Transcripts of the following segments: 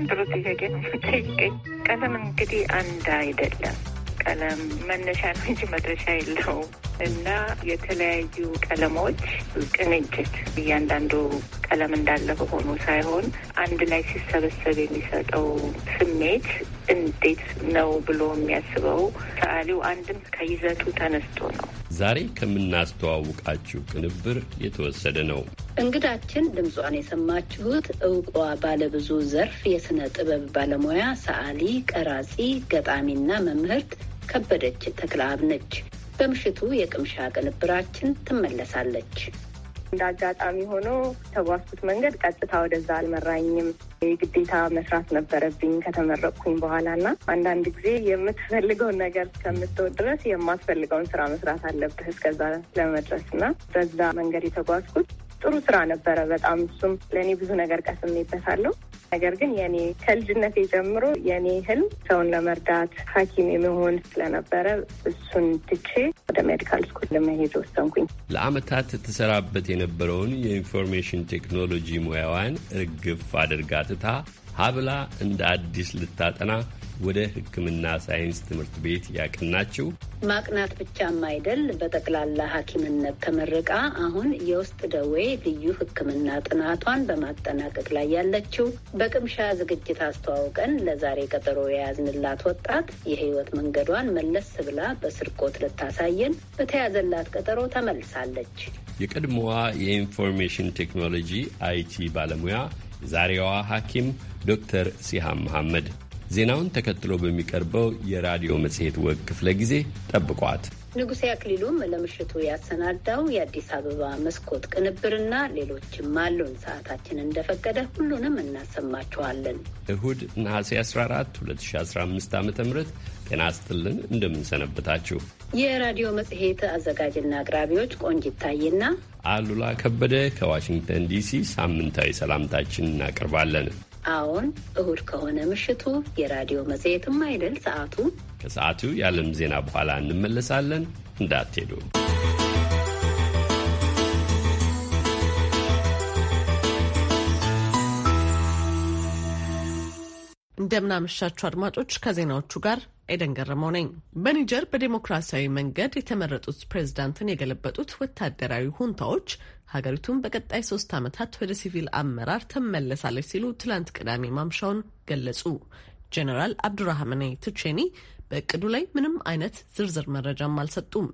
በጣም ጥሩ ጥያቄ ነው የምትጠይቀኝ። ቀለም እንግዲህ አንድ አይደለም። ቀለም መነሻ ነው እንጂ መድረሻ የለው እና የተለያዩ ቀለሞች ቅንጅት እያንዳንዱ ቀለም እንዳለ በሆኑ ሳይሆን አንድ ላይ ሲሰበሰብ የሚሰጠው ስሜት እንዴት ነው ብሎ የሚያስበው ሰዓሊው አንድም ከይዘቱ ተነስቶ ነው ዛሬ ከምናስተዋውቃችሁ ቅንብር የተወሰደ ነው። እንግዳችን ድምጿን የሰማችሁት እውቋ ባለብዙ ዘርፍ የሥነ ጥበብ ባለሙያ ሰዓሊ፣ ቀራጺ፣ ገጣሚና መምህርት ከበደች ተክለአብ ነች። በምሽቱ የቅምሻ ቅንብራችን ትመለሳለች። እንደ አጋጣሚ ሆኖ ተጓዝኩት መንገድ ቀጥታ ወደዛ አልመራኝም። የግዴታ መስራት ነበረብኝ ከተመረቅኩኝ በኋላ እና አንዳንድ ጊዜ የምትፈልገውን ነገር እስከምትወድ ድረስ የማትፈልገውን ስራ መስራት አለብህ እስከዛ ለመድረስ እና በዛ መንገድ የተጓዝኩት ጥሩ ስራ ነበረ። በጣም እሱም ለእኔ ብዙ ነገር ቀስሜበታለሁ። ነገር ግን የኔ ከልጅነቴ ጀምሮ የኔ ህልም ሰውን ለመርዳት ሐኪም የመሆን ስለነበረ እሱን ትቼ ወደ ሜዲካል ስኩል ለመሄድ ወሰንኩኝ። ለአመታት ትሰራበት የነበረውን የኢንፎርሜሽን ቴክኖሎጂ ሙያዋን እርግፍ አድርጋ ትታ ሀብላ እንደ አዲስ ልታጠና ወደ ሕክምና ሳይንስ ትምህርት ቤት ያቀናችው ማቅናት ብቻም አይደል፣ በጠቅላላ ሐኪምነት ተመርቃ አሁን የውስጥ ደዌ ልዩ ሕክምና ጥናቷን በማጠናቀቅ ላይ ያለችው በቅምሻ ዝግጅት አስተዋውቀን ለዛሬ ቀጠሮ የያዝንላት ወጣት የህይወት መንገዷን መለስ ብላ በስርቆት ልታሳየን በተያዘላት ቀጠሮ ተመልሳለች። የቀድሞዋ የኢንፎርሜሽን ቴክኖሎጂ አይቲ ባለሙያ ዛሬዋ ሐኪም ዶክተር ሲሃም መሐመድ ዜናውን ተከትሎ በሚቀርበው የራዲዮ መጽሔት ወግ ክፍለ ጊዜ ጠብቋት። ንጉሴ አክሊሉም ለምሽቱ ያሰናዳው የአዲስ አበባ መስኮት ቅንብርና ሌሎችም አሉን። ሰዓታችን እንደፈቀደ ሁሉንም እናሰማችኋለን። እሁድ ነሐሴ 14 2015 ዓ ም ጤና ስጥልን እንደምንሰነብታችሁ የራዲዮ መጽሔት አዘጋጅና አቅራቢዎች ቆንጅ ይታይና አሉላ ከበደ ከዋሽንግተን ዲሲ ሳምንታዊ ሰላምታችን እናቀርባለን። አዎን፣ እሁድ ከሆነ ምሽቱ የራዲዮ መጽሔትም አይደል ሰዓቱ። ከሰዓቱ የዓለም ዜና በኋላ እንመለሳለን፣ እንዳትሄዱ። እንደምናመሻችሁ አድማጮች ከዜናዎቹ ጋር ኤደን ገረመው ነኝ። በኒጀር በዴሞክራሲያዊ መንገድ የተመረጡት ፕሬዝዳንትን የገለበጡት ወታደራዊ ሁንታዎች ሀገሪቱን በቀጣይ ሶስት ዓመታት ወደ ሲቪል አመራር ትመለሳለች ሲሉ ትላንት ቅዳሜ ማምሻውን ገለጹ። ጀኔራል አብዱራህማኔ ቱቼኒ በእቅዱ ላይ ምንም አይነት ዝርዝር መረጃም አልሰጡም።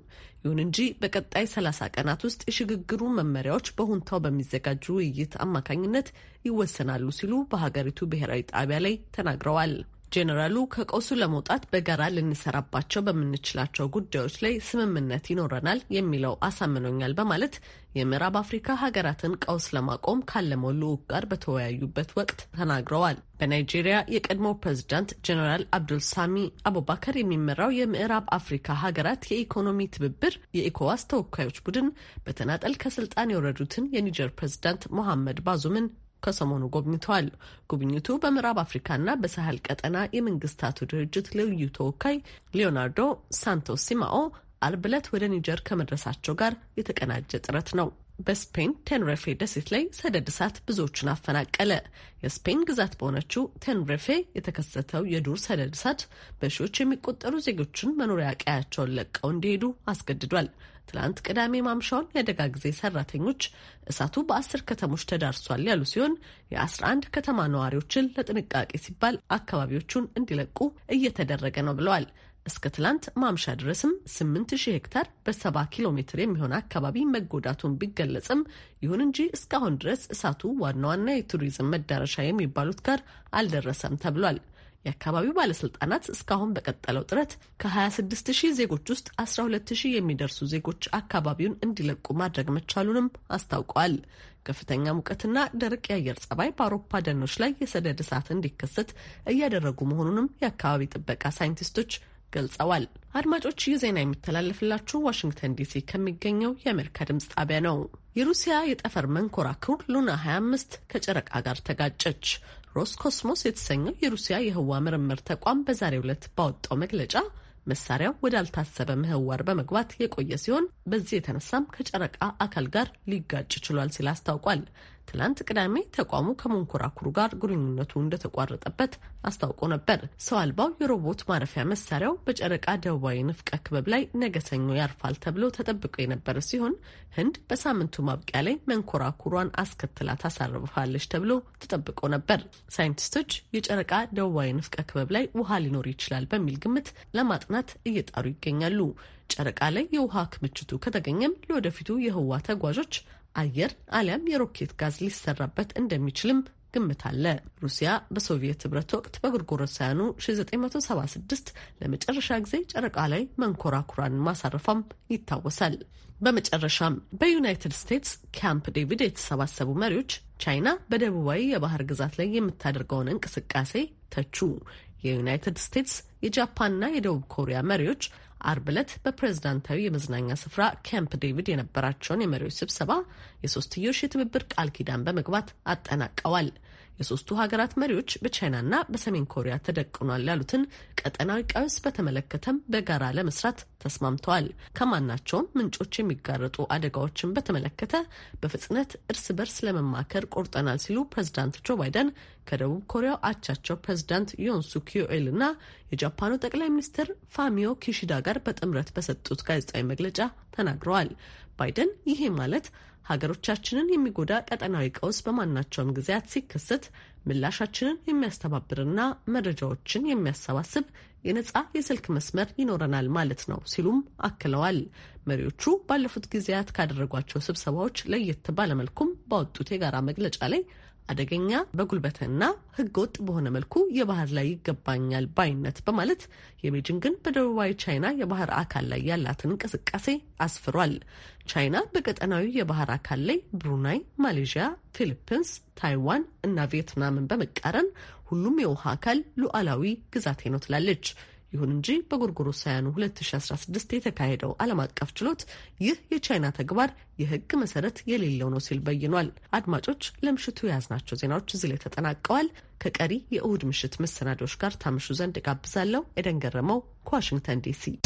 ይሁን እንጂ በቀጣይ 30 ቀናት ውስጥ የሽግግሩ መመሪያዎች በሁንታው በሚዘጋጁ ውይይት አማካኝነት ይወሰናሉ ሲሉ በሀገሪቱ ብሔራዊ ጣቢያ ላይ ተናግረዋል። ጄኔራሉ ከቀውሱ ለመውጣት በጋራ ልንሰራባቸው በምንችላቸው ጉዳዮች ላይ ስምምነት ይኖረናል የሚለው አሳምኖኛል በማለት የምዕራብ አፍሪካ ሀገራትን ቀውስ ለማቆም ካለመው ልዑክ ጋር በተወያዩበት ወቅት ተናግረዋል። በናይጄሪያ የቀድሞ ፕሬዚዳንት ጀኔራል አብዱልሳሚ አቡባከር የሚመራው የምዕራብ አፍሪካ ሀገራት የኢኮኖሚ ትብብር የኢኮዋስ ተወካዮች ቡድን በተናጠል ከስልጣን የወረዱትን የኒጀር ፕሬዚዳንት ሞሐመድ ባዙምን ከሰሞኑ ጎብኝተዋል። ጉብኝቱ በምዕራብ አፍሪካና በሳህል ቀጠና የመንግስታቱ ድርጅት ልዩ ተወካይ ሊዮናርዶ ሳንቶስ ሲማኦ አርብ ዕለት ወደ ኒጀር ከመድረሳቸው ጋር የተቀናጀ ጥረት ነው። በስፔን ቴንሬፌ ደሴት ላይ ሰደድ እሳት ብዙዎችን አፈናቀለ። የስፔን ግዛት በሆነችው ቴንሬፌ የተከሰተው የዱር ሰደድ እሳት በሺዎች የሚቆጠሩ ዜጎችን መኖሪያ ቀያቸውን ለቀው እንዲሄዱ አስገድዷል። ትላንት ቅዳሜ ማምሻውን የአደጋ ጊዜ ሰራተኞች እሳቱ በአስር ከተሞች ተዳርሷል ያሉ ሲሆን የአስራ አንድ ከተማ ነዋሪዎችን ለጥንቃቄ ሲባል አካባቢዎቹን እንዲለቁ እየተደረገ ነው ብለዋል። እስከ ትላንት ማምሻ ድረስም 8000 ሄክታር በ70 ኪሎ ሜትር የሚሆን አካባቢ መጎዳቱን ቢገለጽም ይሁን እንጂ እስካሁን ድረስ እሳቱ ዋና ዋና የቱሪዝም መዳረሻ የሚባሉት ጋር አልደረሰም ተብሏል። የአካባቢው ባለስልጣናት እስካሁን በቀጠለው ጥረት ከ26 ሺህ ዜጎች ውስጥ 12 ሺህ የሚደርሱ ዜጎች አካባቢውን እንዲለቁ ማድረግ መቻሉንም አስታውቀዋል። ከፍተኛ ሙቀትና ደረቅ የአየር ጸባይ በአውሮፓ ደኖች ላይ የሰደድ እሳት እንዲከሰት እያደረጉ መሆኑንም የአካባቢ ጥበቃ ሳይንቲስቶች ገልጸዋል። አድማጮች ይህ ዜና የሚተላለፍላችሁ ዋሽንግተን ዲሲ ከሚገኘው የአሜሪካ ድምጽ ጣቢያ ነው። የሩሲያ የጠፈር መንኮራኩር ሉና 25 ከጨረቃ ጋር ተጋጨች። ሮስ ኮስሞስ የተሰኘው የሩሲያ የህዋ ምርምር ተቋም በዛሬው ዕለት ባወጣው መግለጫ መሳሪያው ወዳልታሰበ ምህዋር በመግባት የቆየ ሲሆን በዚህ የተነሳም ከጨረቃ አካል ጋር ሊጋጭ ችሏል ሲል አስታውቋል። ትላንት ቅዳሜ ተቋሙ ከመንኮራኩሩ ጋር ግንኙነቱ እንደተቋረጠበት አስታውቆ ነበር። ሰው አልባው የሮቦት ማረፊያ መሳሪያው በጨረቃ ደቡባዊ ንፍቀ ክበብ ላይ ነገ ሰኞ ያርፋል ተብሎ ተጠብቆ የነበረ ሲሆን ህንድ በሳምንቱ ማብቂያ ላይ መንኮራኩሯን አስከትላ ታሳርፋለች ተብሎ ተጠብቆ ነበር። ሳይንቲስቶች የጨረቃ ደቡባዊ ንፍቀ ክበብ ላይ ውሃ ሊኖር ይችላል በሚል ግምት ለማጥናት እየጣሩ ይገኛሉ። ጨረቃ ላይ የውሃ ክምችቱ ከተገኘም ለወደፊቱ የህዋ ተጓዦች አየር አሊያም የሮኬት ጋዝ ሊሰራበት እንደሚችልም ግምት አለ። ሩሲያ በሶቪየት ህብረት ወቅት በጎርጎሮሳውያኑ 1976 ለመጨረሻ ጊዜ ጨረቃ ላይ መንኮራኩራን ማሳረፏም ይታወሳል። በመጨረሻም በዩናይትድ ስቴትስ ካምፕ ዴቪድ የተሰባሰቡ መሪዎች ቻይና በደቡባዊ የባህር ግዛት ላይ የምታደርገውን እንቅስቃሴ ተቹ። የዩናይትድ ስቴትስ የጃፓንና የደቡብ ኮሪያ መሪዎች አርብ ዕለት በፕሬዝዳንታዊ የመዝናኛ ስፍራ ካምፕ ዴቪድ የነበራቸውን የመሪዎች ስብሰባ የሶስትዮሽ የትብብር ቃል ኪዳን በመግባት አጠናቀዋል። የሶስቱ ሀገራት መሪዎች በቻይናና በሰሜን ኮሪያ ተደቅኗል ያሉትን ቀጠናዊ ቀውስ በተመለከተም በጋራ ለመስራት ተስማምተዋል። ከማናቸውም ምንጮች የሚጋረጡ አደጋዎችን በተመለከተ በፍጥነት እርስ በርስ ለመማከር ቆርጠናል ሲሉ ፕሬዚዳንት ጆ ባይደን ከደቡብ ኮሪያው አቻቸው ፕሬዚዳንት ዮንሱ ኪዮኤል እና የጃፓኑ ጠቅላይ ሚኒስትር ፋሚዮ ኪሺዳ ጋር በጥምረት በሰጡት ጋዜጣዊ መግለጫ ተናግረዋል። ባይደን ይሄ ማለት ሀገሮቻችንን የሚጎዳ ቀጠናዊ ቀውስ በማናቸውም ጊዜያት ሲከሰት ምላሻችንን የሚያስተባብርና መረጃዎችን የሚያሰባስብ የነጻ የስልክ መስመር ይኖረናል ማለት ነው ሲሉም አክለዋል። መሪዎቹ ባለፉት ጊዜያት ካደረጓቸው ስብሰባዎች ለየት ባለመልኩም ባወጡት የጋራ መግለጫ ላይ አደገኛ፣ በጉልበትና ህገወጥ በሆነ መልኩ የባህር ላይ ይገባኛል ባይነት በማለት የቤጂንግን በደቡባዊ ቻይና የባህር አካል ላይ ያላትን እንቅስቃሴ አስፍሯል። ቻይና በቀጠናዊ የባህር አካል ላይ ብሩናይ፣ ማሌዥያ፣ ፊሊፒንስ፣ ታይዋን እና ቪየትናምን በመቃረን ሁሉም የውሃ አካል ሉዓላዊ ግዛቴ ነው ትላለች። ይሁን እንጂ በጎርጎሮሳውያኑ 2016 የተካሄደው ዓለም አቀፍ ችሎት ይህ የቻይና ተግባር የሕግ መሰረት የሌለው ነው ሲል በይኗል። አድማጮች፣ ለምሽቱ የያዝናቸው ዜናዎች እዚህ ላይ ተጠናቀዋል። ከቀሪ የእሁድ ምሽት መሰናዶዎች ጋር ታምሹ ዘንድ ጋብዛለሁ። ኤደን ገረመው ከዋሽንግተን ዲሲ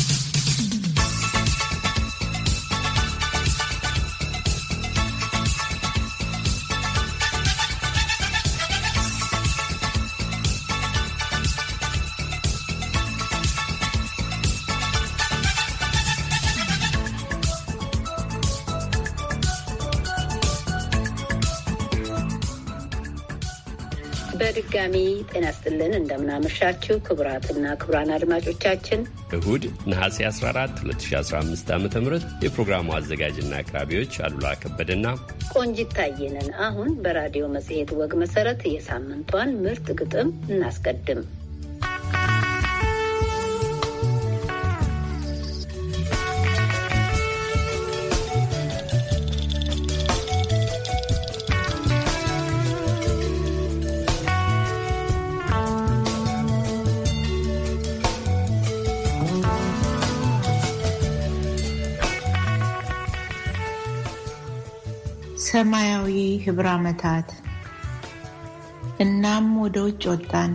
በድጋሚ ጤና ስጥልን እንደምናመሻችው ክቡራትና ክቡራን አድማጮቻችን እሁድ ነሐሴ 14 2015 ዓ ም የፕሮግራሙ አዘጋጅና አቅራቢዎች አሉላ ከበደና ቆንጂት ታየነን። አሁን በራዲዮ መጽሔት ወግ መሰረት የሳምንቷን ምርጥ ግጥም እናስቀድም። ሰማያዊ ህብረ ዓመታት። እናም ወደ ውጭ ወጣን፣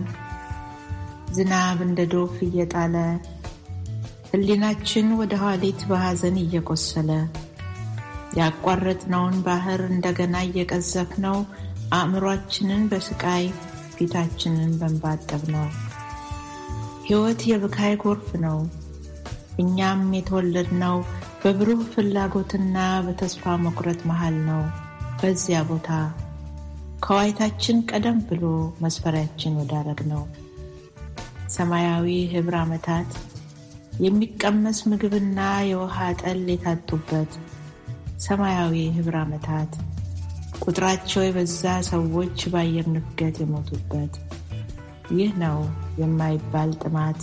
ዝናብ እንደ ዶፍ እየጣለ ህሊናችን ወደ ኋሊት በሐዘን እየቆሰለ ያቋረጥነውን ባህር እንደገና እየቀዘፍነው አእምሯችንን በስቃይ ፊታችንን በንባጠብ ነው። ሕይወት የብካይ ጎርፍ ነው። እኛም የተወለድነው በብሩህ ፍላጎትና በተስፋ መቁረጥ መሃል ነው። በዚያ ቦታ ከዋይታችን ቀደም ብሎ መስፈሪያችን ወዳረግ ነው ሰማያዊ ህብር ዓመታት የሚቀመስ ምግብና የውሃ ጠል የታጡበት ሰማያዊ ህብር ዓመታት ቁጥራቸው የበዛ ሰዎች በአየር ንፍገት የሞቱበት ይህ ነው የማይባል ጥማት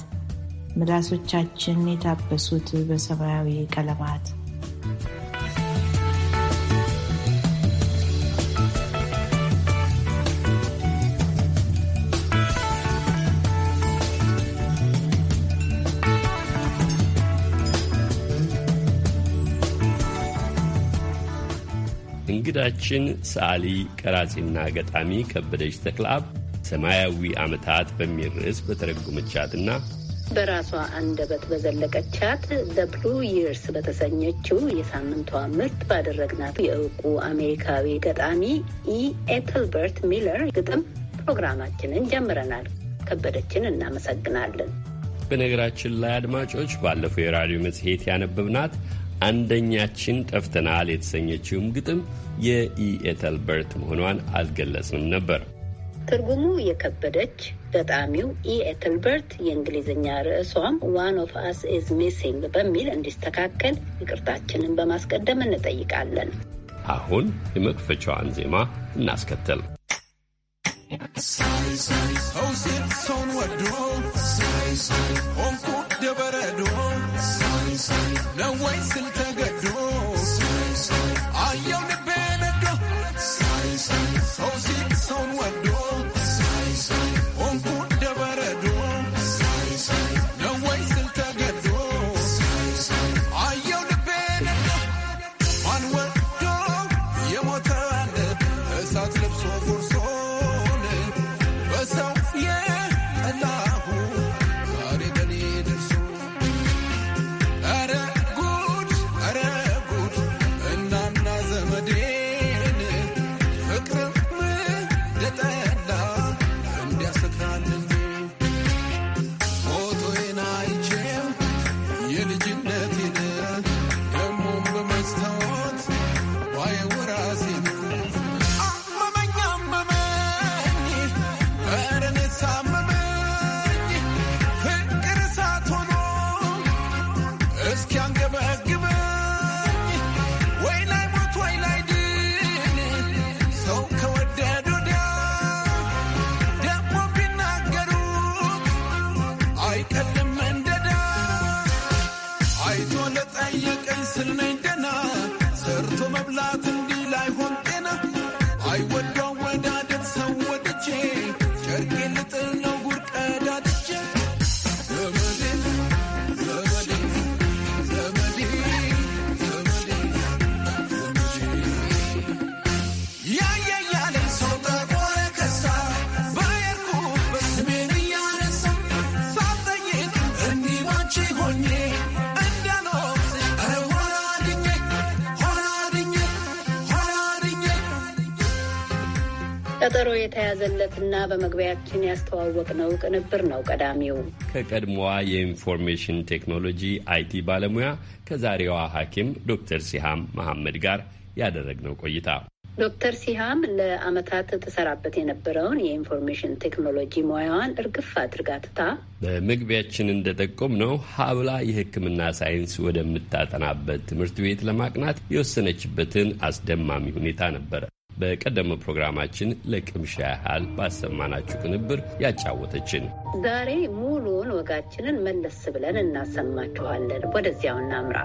ምላሶቻችን የታበሱት በሰማያዊ ቀለማት እንግዳችን ሰዓሊ ቀራጺና ገጣሚ ከበደች ተክለአብ ሰማያዊ ዓመታት በሚል ርዕስ በተረጎመቻትና በራሷ አንደበት በዘለቀቻት ደብሉ ይርስ በተሰኘችው የሳምንቷ ምርት ባደረግናት የእውቁ አሜሪካዊ ገጣሚ ኢ ሚለር ግጥም ፕሮግራማችንን ጀምረናል። ከበደችን እናመሰግናለን። በነገራችን ላይ አድማጮች ባለፈው የራዲዮ መጽሔት ያነበብናት አንደኛችን ጠፍተናል የተሰኘችውም ግጥም የኢኤተልበርት መሆኗን አልገለጽንም ነበር። ትርጉሙ የከበደች ገጣሚው ኢኤተልበርት የእንግሊዝኛ ርዕሷም ዋን ኦፍ አስ ኢዝ ሚሲንግ በሚል እንዲስተካከል ይቅርታችንን በማስቀደም እንጠይቃለን። አሁን የመክፈቻዋን ዜማ እናስከተል። ሰው ሰውን ወዶ ሆንኩ ደበረዶ Sai sai, na wai sil ta gado. Sai sai, ayon ibe na do. ቀጠሮ የተያዘለትና በመግቢያችን ያስተዋወቅነው ቅንብር ነው ቀዳሚው። ከቀድሞዋ የኢንፎርሜሽን ቴክኖሎጂ አይቲ ባለሙያ ከዛሬዋ ሐኪም ዶክተር ሲሃም መሐመድ ጋር ያደረግነው ቆይታ ዶክተር ሲሃም ለአመታት ተሰራበት የነበረውን የኢንፎርሜሽን ቴክኖሎጂ ሙያዋን እርግፍ አድርጋ ትታ በመግቢያችን እንደጠቆም ነው ሀብላ የሕክምና ሳይንስ ወደምታጠናበት ትምህርት ቤት ለማቅናት የወሰነችበትን አስደማሚ ሁኔታ ነበረ በቀደመ ፕሮግራማችን ለቅምሻ ያህል ባሰማናችሁ ቅንብር ያጫወተችን። ዛሬ ሙሉውን ወጋችንን መለስ ብለን እናሰማችኋለን። ወደዚያው እናምራ።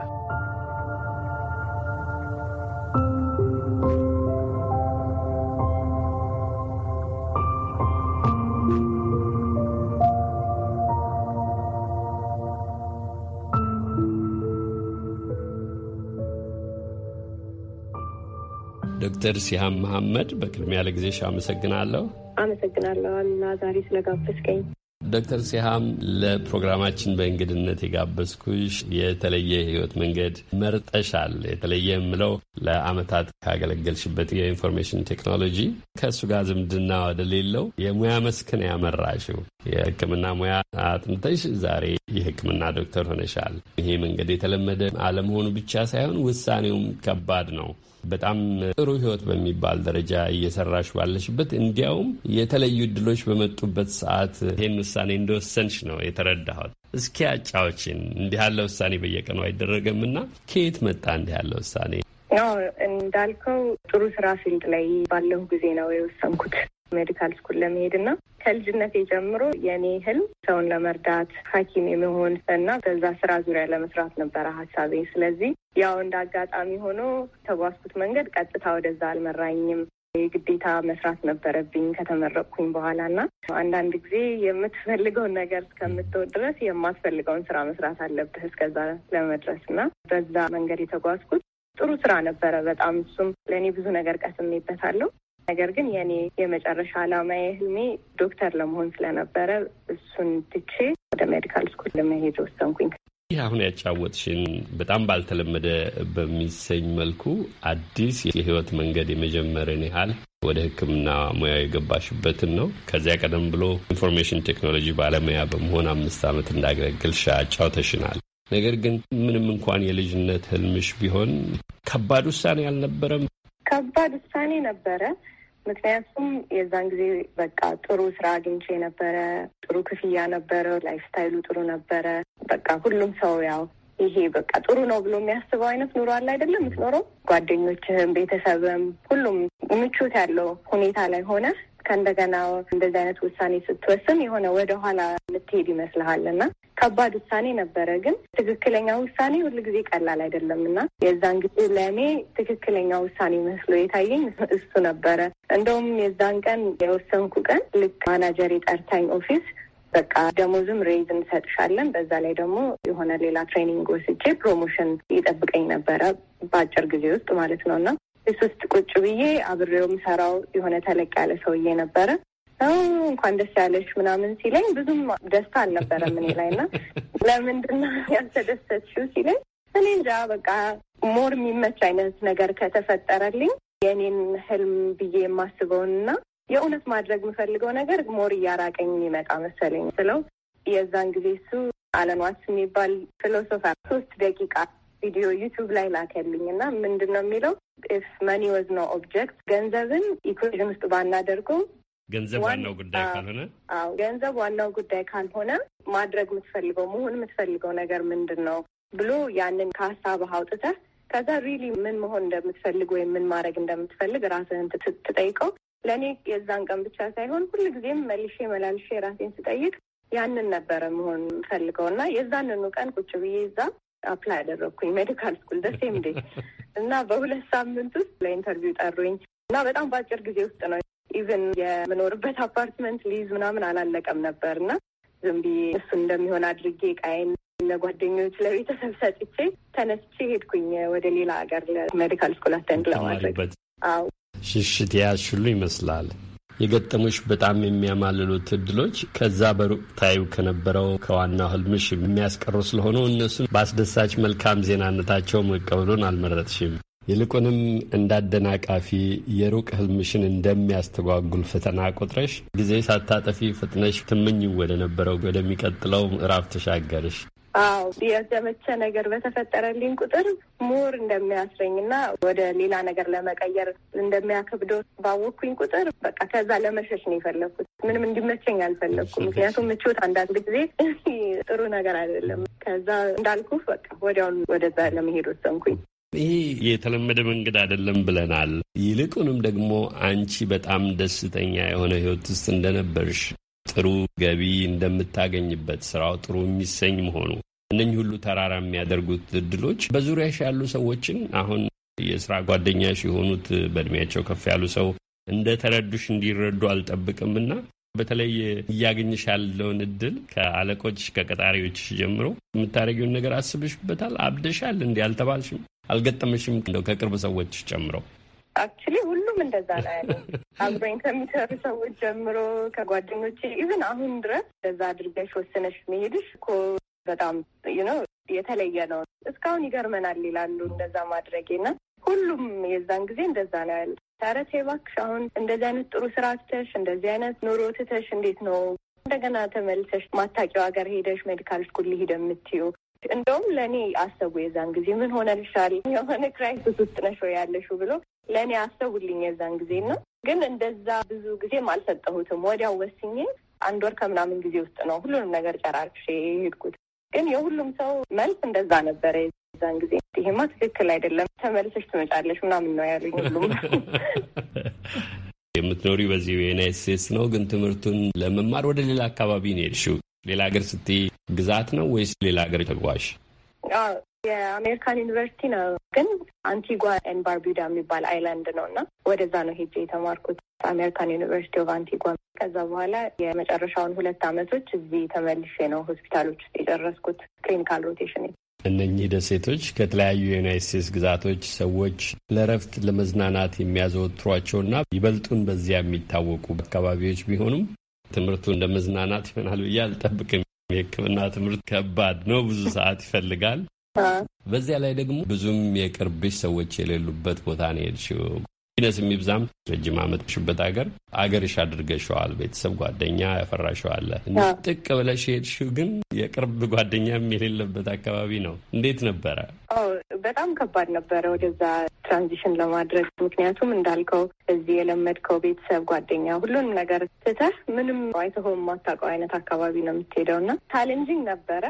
ዶክተር ሲሃም መሐመድ በቅድሚያ ለጊዜሽ አመሰግናለሁ። አመሰግናለሁ እና ዛሬ ስለጋበዝከኝ ዶክተር ሲሃም ለፕሮግራማችን በእንግድነት የጋበዝኩሽ የተለየ ህይወት መንገድ መርጠሻል። የተለየ የምለው ለአመታት ካገለገልሽበት የኢንፎርሜሽን ቴክኖሎጂ ከእሱ ጋር ዝምድና ወደሌለው የሙያ መስክን ያመራሽው የሕክምና ሙያ አጥንተሽ ዛሬ የሕክምና ዶክተር ሆነሻል። ይሄ መንገድ የተለመደ አለመሆኑ ብቻ ሳይሆን ውሳኔውም ከባድ ነው። በጣም ጥሩ ህይወት በሚባል ደረጃ እየሰራሽ ባለሽበት እንዲያውም የተለዩ እድሎች በመጡበት ሰዓት ይህን ውሳኔ እንደወሰንሽ ነው የተረዳሁት። እስኪ አጫዎችን እንዲህ ያለ ውሳኔ በየቀኑ አይደረገም እና ከየት መጣ እንዲህ ያለ ውሳኔ? እንዳልከው ጥሩ ስራ ፊልድ ላይ ባለሁ ጊዜ ነው የወሰንኩት። ሜዲካል ስኩል ለመሄድ እና ከልጅነት ጀምሮ የኔ ህልም ሰውን ለመርዳት ሐኪም የመሆን እና በዛ ስራ ዙሪያ ለመስራት ነበረ ሀሳቤ። ስለዚህ ያው እንደ አጋጣሚ ሆኖ ተጓዝኩት መንገድ ቀጥታ ወደዛ አልመራኝም። የግዴታ መስራት ነበረብኝ ከተመረቅኩኝ በኋላ እና አንዳንድ ጊዜ የምትፈልገውን ነገር እስከምትወድ ድረስ የማትፈልገውን ስራ መስራት አለብህ እስከዛ ለመድረስ እና በዛ መንገድ የተጓዝኩት ጥሩ ስራ ነበረ። በጣም እሱም ለእኔ ብዙ ነገር ቀስሜበታለሁ። ነገር ግን የኔ የመጨረሻ አላማ የህልሜ ዶክተር ለመሆን ስለነበረ እሱን ትቼ ወደ ሜዲካል ስኩል ለመሄድ ወሰንኩኝ። ይህ አሁን ያጫወትሽን በጣም ባልተለመደ በሚሰኝ መልኩ አዲስ የህይወት መንገድ የመጀመርን ያህል ወደ ሕክምና ሙያ የገባሽበትን ነው። ከዚያ ቀደም ብሎ ኢንፎርሜሽን ቴክኖሎጂ ባለሙያ በመሆን አምስት ዓመት እንዳገለገልሽ አጫውተሽናል። ነገር ግን ምንም እንኳን የልጅነት ህልምሽ ቢሆን ከባድ ውሳኔ አልነበረም? ከባድ ውሳኔ ነበረ። ምክንያቱም የዛን ጊዜ በቃ ጥሩ ስራ አግኝቼ ነበረ። ጥሩ ክፍያ ነበረ። ላይፍ ስታይሉ ጥሩ ነበረ። በቃ ሁሉም ሰው ያው ይሄ በቃ ጥሩ ነው ብሎ የሚያስበው አይነት ኑሮ አለ አይደለም የምትኖረው። ጓደኞችህም፣ ቤተሰብም ሁሉም ምቾት ያለው ሁኔታ ላይ ሆነ ከእንደገና እንደዚህ አይነት ውሳኔ ስትወስን የሆነ ወደኋላ የምትሄድ ይመስልሃል እና ከባድ ውሳኔ ነበረ፣ ግን ትክክለኛ ውሳኔ ሁልጊዜ ቀላል አይደለም እና የዛን ጊዜ ለእኔ ትክክለኛ ውሳኔ መስሎ የታየኝ እሱ ነበረ። እንደውም የዛን ቀን የወሰንኩ ቀን ልክ ማናጀር የጠርታኝ ኦፊስ በቃ ደሞዝም ሬይዝ እንሰጥሻለን፣ በዛ ላይ ደግሞ የሆነ ሌላ ትሬኒንግ ወስጄ ፕሮሞሽን ይጠብቀኝ ነበረ በአጭር ጊዜ ውስጥ ማለት ነው እና ሶስት ቁጭ ብዬ አብሬው ምሰራው የሆነ ተለቅ ያለ ሰውዬ ነበረ። ሰው እንኳን ደስ ያለሽ ምናምን ሲለኝ ብዙም ደስታ አልነበረም እኔ ላይ እና ለምንድነው ያልተደሰችው ሲለኝ እኔ እንጃ በቃ ሞር የሚመች አይነት ነገር ከተፈጠረልኝ የእኔን ህልም ብዬ የማስበውንና የእውነት ማድረግ የምፈልገው ነገር ሞር እያራቀኝ የሚመጣ መሰለኝ ስለው የዛን ጊዜ እሱ አለን ዋትስ የሚባል ፊሎሶፈር ሶስት ደቂቃ ቪዲዮ ዩቱብ ላይ ላከልኝ እና ምንድን ነው የሚለው ኢፍ መኒ ወዝ ነው ኦብጀክት ገንዘብን ኢኩዌዥን ውስጥ ባናደርገው ገንዘብ ዋናው ጉዳይ ካልሆነ፣ አዎ ገንዘብ ዋናው ጉዳይ ካልሆነ ማድረግ የምትፈልገው መሆን የምትፈልገው ነገር ምንድን ነው ብሎ ያንን ከሀሳብህ አውጥተህ ከዛ ሪሊ ምን መሆን እንደምትፈልግ ወይም ምን ማድረግ እንደምትፈልግ ራስህን ትጠይቀው ለእኔ የዛን ቀን ብቻ ሳይሆን ጊዜም መልሼ መላልሼ ራሴን ስጠይቅ ያንን ነበረ መሆን ፈልገው እና የዛንኑ ቀን ቁጭ ብዬ እዛ አፕላይ ያደረግኩኝ ሜዲካል ስኩል ደሴ ዴይ እና በሁለት ሳምንት ውስጥ ለኢንተርቪው ጠሩኝ እና በጣም በአጭር ጊዜ ውስጥ ነው ኢቨን የምኖርበት አፓርትመንት ሊዝ ምናምን አላለቀም ነበር እና ዝም ብዬ እሱ እንደሚሆን አድርጌ ቃይን ለጓደኞች ለቤተሰብ ሰጥቼ ተነስቼ ሄድኩኝ ወደ ሌላ ሀገር ሜዲካል ስኩል አተንድ ለማድረግ። አዎ ሽሽት ያዝ ይመስላል የገጠሙሽ በጣም የሚያማልሉት እድሎች ከዛ በሩቅ ታዩ ከነበረው ከዋናው ህልምሽ የሚያስቀሩ ስለሆኑ እነሱን በአስደሳች መልካም ዜናነታቸው መቀበሉን አልመረጥሽም። ይልቁንም እንዳደናቃፊ የሩቅ ህልምሽን እንደሚያስተጓጉል ፈተና ቁጥረሽ ጊዜ ሳታጠፊ ፍጥነሽ ትምኝ ወደ ነበረው ወደሚቀጥለው ምዕራፍ ተሻገርሽ። አዎ የዘመቸ ነገር በተፈጠረልኝ ቁጥር ሙር እንደሚያስረኝ እና ወደ ሌላ ነገር ለመቀየር እንደሚያከብዶ ባወቅኩኝ ቁጥር በቃ ከዛ ለመሸሽ ነው የፈለግኩት። ምንም እንዲመቸኝ አልፈለግኩ። ምክንያቱም ምቾት አንዳንድ ጊዜ ጥሩ ነገር አይደለም። ከዛ እንዳልኩ በቃ ወዲያውን ወደዛ ለመሄድ ወሰንኩኝ። ይሄ የተለመደ መንገድ አይደለም ብለናል። ይልቁንም ደግሞ አንቺ በጣም ደስተኛ የሆነ ህይወት ውስጥ እንደነበርሽ፣ ጥሩ ገቢ እንደምታገኝበት፣ ስራው ጥሩ የሚሰኝ መሆኑ እነኚህ ሁሉ ተራራ የሚያደርጉት እድሎች በዙሪያሽ ያሉ ሰዎችን አሁን የስራ ጓደኛሽ የሆኑት በእድሜያቸው ከፍ ያሉ ሰው እንደ ተረዱሽ እንዲረዱ አልጠብቅምና በተለይ እያገኘሽ ያለውን እድል ከአለቆች ከቀጣሪዎች ጀምሮ የምታደረጊውን ነገር አስብሽበታል? አብደሻል? እንዲ አልተባልሽም? አልገጠመሽም? እንደው ከቅርብ ሰዎች ጨምሮ አክቹሊ ሁሉም እንደዛ ነው ያለው። አብሮኝ ከሚሰሩ ሰዎች ጀምሮ ከጓደኞቼ፣ ኢቭን አሁን ድረስ እንደዛ አድርገሽ ወስነሽ መሄድሽ እኮ በጣም ነው የተለየ ነው። እስካሁን ይገርመናል ይላሉ እንደዛ ማድረጌ እና ሁሉም የዛን ጊዜ እንደዛ ነው ያለ ኧረ ተይ እባክሽ አሁን እንደዚህ አይነት ጥሩ ስራ ትተሽ እንደዚህ አይነት ኑሮ ትተሽ እንዴት ነው እንደገና ተመልሰሽ ማታቂው ሀገር ሄደሽ ሜዲካል ስኩል ሊሄደ የምትዩ? እንደውም ለእኔ አሰቡ የዛን ጊዜ ምን ሆነልሻል የሆነ ክራይሲስ ውስጥ ነሽ ወይ ያለሽው ብሎ ለእኔ አሰቡልኝ የዛን ጊዜ ነው። ግን እንደዛ ብዙ ጊዜም አልሰጠሁትም። ወዲያው ወስኜ አንድ ወር ከምናምን ጊዜ ውስጥ ነው ሁሉንም ነገር ጨራርሽ የሄድኩት። ግን የሁሉም ሰው መልስ እንደዛ ነበረ። እዛን ጊዜ ይሄማ ትክክል አይደለም፣ ተመልሰሽ ትመጫለሽ ምናምን ነው ያሉኝ። ሁሉም የምትኖሪ በዚህ የዩናይት ስቴትስ ነው፣ ግን ትምህርቱን ለመማር ወደ ሌላ አካባቢ ነው የሄድሽው። ሌላ ሀገር ስትይ ግዛት ነው ወይስ ሌላ ሀገር ተጓሽ? የአሜሪካን ዩኒቨርሲቲ ነው፣ ግን አንቲጓ ኤን ባርቢዳ የሚባል አይላንድ ነው እና ወደዛ ነው ሄጄ የተማርኩት አሜሪካን ዩኒቨርሲቲ ኦፍ አንቲጓ። ከዛ በኋላ የመጨረሻውን ሁለት አመቶች እዚህ ተመልሼ ነው ሆስፒታሎች ውስጥ የጨረስኩት ክሊኒካል ሮቴሽን እነኚህ ደሴቶች ከተለያዩ የዩናይት ስቴትስ ግዛቶች ሰዎች ለረፍት ለመዝናናት የሚያዘወትሯቸውና ይበልጡን በዚያ የሚታወቁ አካባቢዎች ቢሆኑም ትምህርቱ እንደ መዝናናት ይሆናል ብዬ አልጠብቅም። የሕክምና ትምህርት ከባድ ነው፣ ብዙ ሰዓት ይፈልጋል። በዚያ ላይ ደግሞ ብዙም የቅርብሽ ሰዎች የሌሉበት ቦታ ነው የሄድሽው። ይነስ የሚብዛም ረጅም ዓመት ሽበት ሀገር አገርሽ አድርገሸዋል። ቤተሰብ ጓደኛ ያፈራሸዋለ። ጥቅ ብለሽ ሄድሽው ግን የቅርብ ጓደኛም የሌለበት አካባቢ ነው። እንዴት ነበረ? በጣም ከባድ ነበረ ወደዛ ትራንዚሽን ለማድረግ ምክንያቱም እንዳልከው እዚህ የለመድከው ቤተሰብ፣ ጓደኛ፣ ሁሉንም ነገር ትተህ ምንም አይተኸው የማታውቀው አይነት አካባቢ ነው የምትሄደው እና ቻሌንጂንግ ነበረ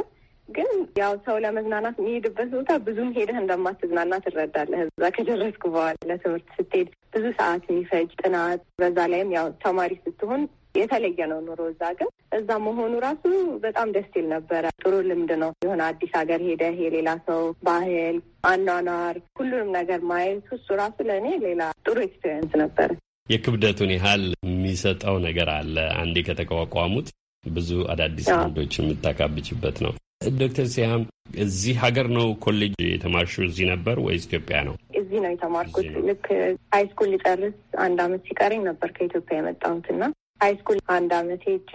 ግን ያው ሰው ለመዝናናት የሚሄድበት ቦታ ብዙም ሄደህ እንደማትዝናና ትረዳለህ። እዛ ከደረስኩ በኋላ ለትምህርት ስትሄድ ብዙ ሰዓት የሚፈጅ ጥናት፣ በዛ ላይም ያው ተማሪ ስትሆን የተለየ ነው ኑሮ። እዛ ግን እዛ መሆኑ ራሱ በጣም ደስ ይል ነበረ። ጥሩ ልምድ ነው። የሆነ አዲስ ሀገር ሄደህ የሌላ ሰው ባህል፣ አኗኗር፣ ሁሉንም ነገር ማየት እሱ ራሱ ለእኔ ሌላ ጥሩ ኤክስፔሪንስ ነበረ። የክብደቱን ያህል የሚሰጠው ነገር አለ። አንዴ ከተቋቋሙት ብዙ አዳዲስ ልምዶች የምታካብችበት ነው። ዶክተር ሲያም እዚህ ሀገር ነው ኮሌጅ የተማርሽው? እዚህ ነበር ወይስ ኢትዮጵያ ነው? እዚህ ነው የተማርኩት። ልክ ሃይስኩል ሊጠርስ ሊጨርስ አንድ አመት ሲቀረኝ ነበር ከኢትዮጵያ የመጣሁት እና ሃይስኩል አንድ አመት ሄጄ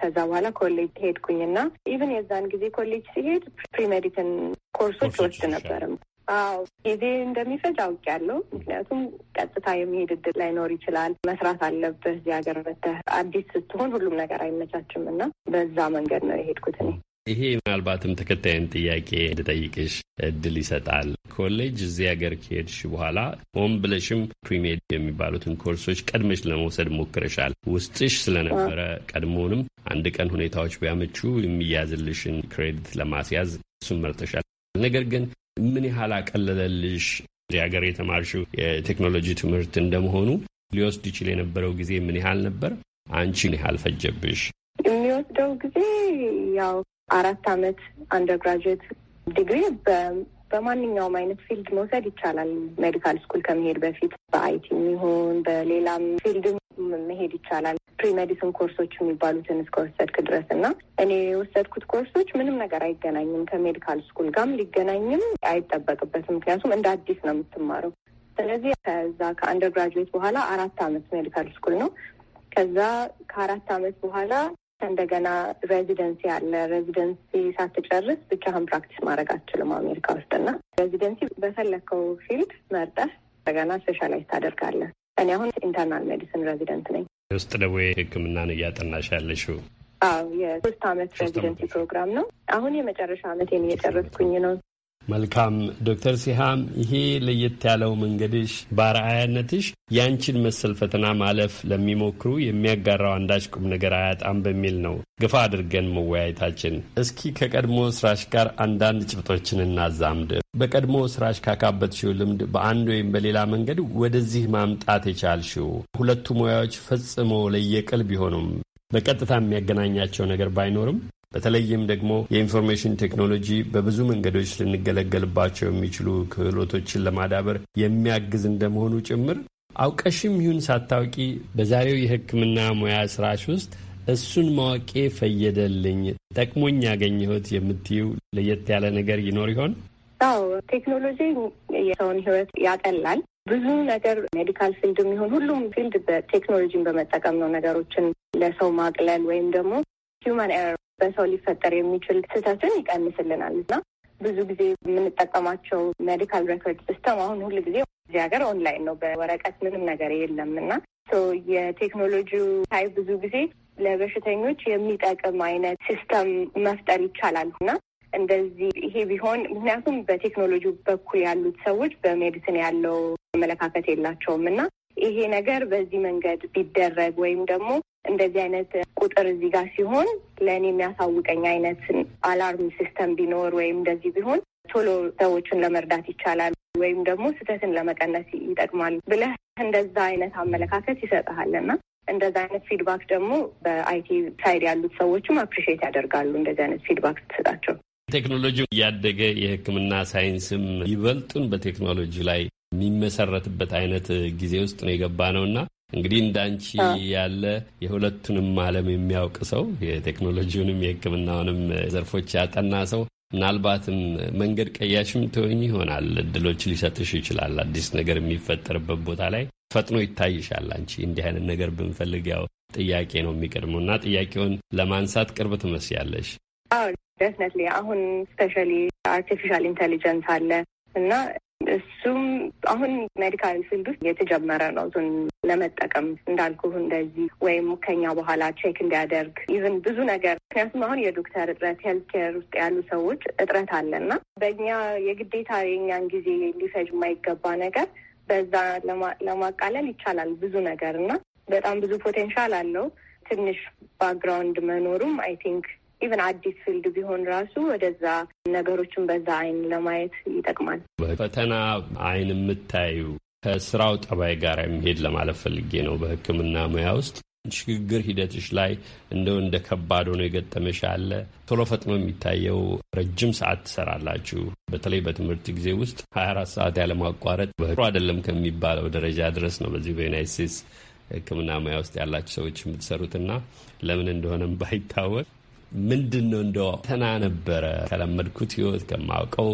ከዛ በኋላ ኮሌጅ ሄድኩኝና ኢቨን የዛን ጊዜ ኮሌጅ ሲሄድ ፕሪሜዲትን ኮርሶች ወስድ ነበርም። አዎ ጊዜ እንደሚፈጅ አውቄያለሁ። ምክንያቱም ቀጥታ የሚሄድ እድል ላይኖር ይችላል። መስራት አለብህ እዚህ ሀገር መተህ አዲስ ስትሆን ሁሉም ነገር አይመቻችም እና በዛ መንገድ ነው የሄድኩት እኔ ይሄ ምናልባትም ተከታይን ጥያቄ እንድጠይቅሽ እድል ይሰጣል። ኮሌጅ እዚህ ሀገር ከሄድሽ በኋላ ሆን ብለሽም ፕሪሜድ የሚባሉትን ኮርሶች ቀድመሽ ለመውሰድ ሞክረሻል። ውስጥሽ ስለነበረ ቀድሞውንም አንድ ቀን ሁኔታዎች ቢያመቹ የሚያዝልሽን ክሬዲት ለማስያዝ እሱም መርጠሻል። ነገር ግን ምን ያህል አቀለለልሽ? እዚህ ሀገር የተማርሽው የቴክኖሎጂ ትምህርት እንደመሆኑ ሊወስድ ይችል የነበረው ጊዜ ምን ያህል ነበር? አንቺ ምን ያህል ፈጀብሽ? የሚወስደው ጊዜ ያው አራት አመት አንደርግራጅዌት ዲግሪ በማንኛውም አይነት ፊልድ መውሰድ ይቻላል። ሜዲካል ስኩል ከመሄድ በፊት በአይቲ የሚሆን በሌላም ፊልድ መሄድ ይቻላል። ፕሪሜዲሲን ኮርሶች የሚባሉትን እስከወሰድክ ድረስ እና እኔ የወሰድኩት ኮርሶች ምንም ነገር አይገናኝም ከሜዲካል ስኩል ጋርም ሊገናኝም አይጠበቅበትም። ምክንያቱም እንደ አዲስ ነው የምትማረው። ስለዚህ ከዛ ከአንደርግራጅዌት በኋላ አራት አመት ሜዲካል ስኩል ነው ከዛ ከአራት አመት በኋላ እንደገና ሬዚደንሲ አለ። ሬዚደንሲ ሳትጨርስ ብቻህን ፕራክቲስ ማድረግ አትችልም አሜሪካ ውስጥና ሬዚደንሲ በፈለግከው ፊልድ መርጠህ እንደገና ስፔሻላይዝ ታደርጋለህ። እኔ አሁን ኢንተርናል ሜዲሲን ሬዚደንት ነኝ። የውስጥ ደዌ ሕክምና ነው እያጠናሽ ያለሽው? አዎ የሶስት አመት ሬዚደንሲ ፕሮግራም ነው። አሁን የመጨረሻ አመቴን እየጨረስኩኝ ነው። መልካም ዶክተር ሲሃም ይሄ ለየት ያለው መንገድሽ በአርአያነትሽ ያንቺን መሰል ፈተና ማለፍ ለሚሞክሩ የሚያጋራው አንዳች ቁም ነገር አያጣም በሚል ነው ግፋ አድርገን መወያየታችን። እስኪ ከቀድሞ ስራሽ ጋር አንዳንድ ጭብጦችን እናዛምድ። በቀድሞ ስራሽ ካካበትሽው ልምድ በአንድ ወይም በሌላ መንገድ ወደዚህ ማምጣት የቻልሽው ሁለቱ ሙያዎች ፈጽሞ ለየቅል ቢሆኑም በቀጥታ የሚያገናኛቸው ነገር ባይኖርም በተለይም ደግሞ የኢንፎርሜሽን ቴክኖሎጂ በብዙ መንገዶች ልንገለገልባቸው የሚችሉ ክህሎቶችን ለማዳበር የሚያግዝ እንደመሆኑ ጭምር አውቀሽም ይሁን ሳታውቂ በዛሬው የሕክምና ሙያ ስራሽ ውስጥ እሱን ማወቄ ፈየደልኝ፣ ጠቅሞኝ ያገኘሁት የምትይው ለየት ያለ ነገር ይኖር ይሆን? አዎ፣ ቴክኖሎጂ የሰውን ህይወት ያቀላል። ብዙ ነገር ሜዲካል ፊልድ የሚሆን ሁሉም ፊልድ በቴክኖሎጂን በመጠቀም ነው ነገሮችን ለሰው ማቅለል ወይም ደግሞ ሂውማን ኤረር በሰው ሊፈጠር የሚችል ስህተትን ይቀንስልናል እና ብዙ ጊዜ የምንጠቀማቸው ሜዲካል ሬኮርድ ሲስተም አሁን ሁሉ ጊዜ እዚህ ሀገር ኦንላይን ነው፣ በወረቀት ምንም ነገር የለም እና የቴክኖሎጂው ታይ ብዙ ጊዜ ለበሽተኞች የሚጠቅም አይነት ሲስተም መፍጠር ይቻላል እና እንደዚህ ይሄ ቢሆን ምክንያቱም በቴክኖሎጂ በኩል ያሉት ሰዎች በሜዲሲን ያለው አመለካከት የላቸውም እና ይሄ ነገር በዚህ መንገድ ቢደረግ ወይም ደግሞ እንደዚህ አይነት ቁጥር እዚህ ጋር ሲሆን ለእኔ የሚያሳውቀኝ አይነት አላርም ሲስተም ቢኖር ወይም እንደዚህ ቢሆን ቶሎ ሰዎችን ለመርዳት ይቻላል ወይም ደግሞ ስህተትን ለመቀነስ ይጠቅማል ብለህ እንደዛ አይነት አመለካከት ይሰጥሃልና እንደዛ አይነት ፊድባክ ደግሞ በአይቲ ሳይድ ያሉት ሰዎችም አፕሪሺየት ያደርጋሉ። እንደዚህ አይነት ፊድባክ ስትሰጣቸው ቴክኖሎጂ እያደገ የሕክምና ሳይንስም ይበልጡን በቴክኖሎጂ ላይ የሚመሰረትበት አይነት ጊዜ ውስጥ ነው የገባ ነው እና እንግዲህ እንዳንቺ ያለ የሁለቱንም ዓለም የሚያውቅ ሰው የቴክኖሎጂውንም የሕክምናውንም ዘርፎች ያጠና ሰው ምናልባትም መንገድ ቀያሽም ትሆኝ ይሆናል። እድሎች ሊሰጥሽ ይችላል። አዲስ ነገር የሚፈጠርበት ቦታ ላይ ፈጥኖ ይታይሻል። አንቺ እንዲህ አይነት ነገር ብንፈልግ ያው ጥያቄ ነው የሚቀድመው እና ጥያቄውን ለማንሳት ቅርብ ትመስያለሽ። ደፍነት አሁን ስፔሻሊ አርቲፊሻል ኢንቴሊጀንስ አለ እና እሱም አሁን ሜዲካል ፊልድ ውስጥ የተጀመረ ነው። እሱን ለመጠቀም እንዳልኩህ እንደዚህ ወይም ከኛ በኋላ ቼክ እንዲያደርግ ይዝን ብዙ ነገር ምክንያቱም አሁን የዶክተር እጥረት ሄልት ኬር ውስጥ ያሉ ሰዎች እጥረት አለና በእኛ የግዴታ የኛን ጊዜ ሊፈጅ የማይገባ ነገር በዛ ለማቃለል ይቻላል ብዙ ነገር እና በጣም ብዙ ፖቴንሻል አለው። ትንሽ ባክግራውንድ መኖሩም አይ ቲንክ ኢቨን አዲስ ፊልድ ቢሆን ራሱ ወደዛ ነገሮችን በዛ አይን ለማየት ይጠቅማል። በፈተና አይን የምታዩ ከስራው ጠባይ ጋር የሚሄድ ለማለት ፈልጌ ነው። በህክምና ሙያ ውስጥ ሽግግር ሂደትሽ ላይ እንደው እንደ ከባድ ሆኖ የገጠመሽ አለ? ቶሎ ፈጥኖ የሚታየው ረጅም ሰዓት ትሰራላችሁ። በተለይ በትምህርት ጊዜ ውስጥ 24 አራት ሰዓት ያለማቋረጥ ጥሩ አይደለም ከሚባለው ደረጃ ድረስ ነው በዚህ በዩናይት ስቴትስ ህክምና ሙያ ውስጥ ያላችሁ ሰዎች የምትሰሩትና ለምን እንደሆነም ባይታወቅ ምንድን ነው እንደ ፈተና ነበረ? ከለመድኩት ህይወት ከማውቀው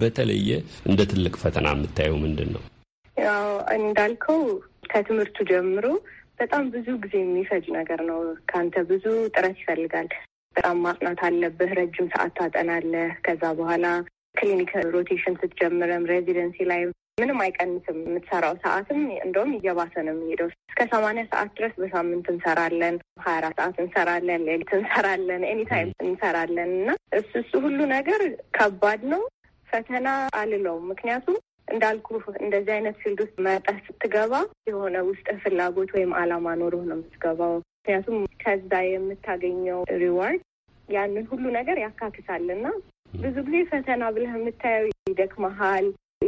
በተለየ እንደ ትልቅ ፈተና የምታየው ምንድን ነው? ያው እንዳልከው ከትምህርቱ ጀምሮ በጣም ብዙ ጊዜ የሚፈጅ ነገር ነው። ከአንተ ብዙ ጥረት ይፈልጋል። በጣም ማጥናት አለብህ። ረጅም ሰዓት ታጠናለህ። ከዛ በኋላ ክሊኒክ ሮቴሽን ስትጀምረም ሬዚደንሲ ላይ ምንም አይቀንስም። የምትሰራው ሰዓትም እንደውም እየባሰ ነው የሚሄደው። እስከ ሰማንያ ሰዓት ድረስ በሳምንት እንሰራለን። ሀያ አራት ሰዓት እንሰራለን። ሌሊት እንሰራለን። ኤኒታይም እንሰራለን እና እሱ እሱ ሁሉ ነገር ከባድ ነው። ፈተና አልለውም ምክንያቱም እንዳልኩ እንደዚህ አይነት ፊልድ ውስጥ መጠህ ስትገባ የሆነ ውስጥ ፍላጎት ወይም አላማ ኖሮህ ነው የምትገባው። ምክንያቱም ከዛ የምታገኘው ሪዋርድ ያንን ሁሉ ነገር ያካክሳልና ብዙ ጊዜ ፈተና ብለህ የምታየው ይደክመሃል፣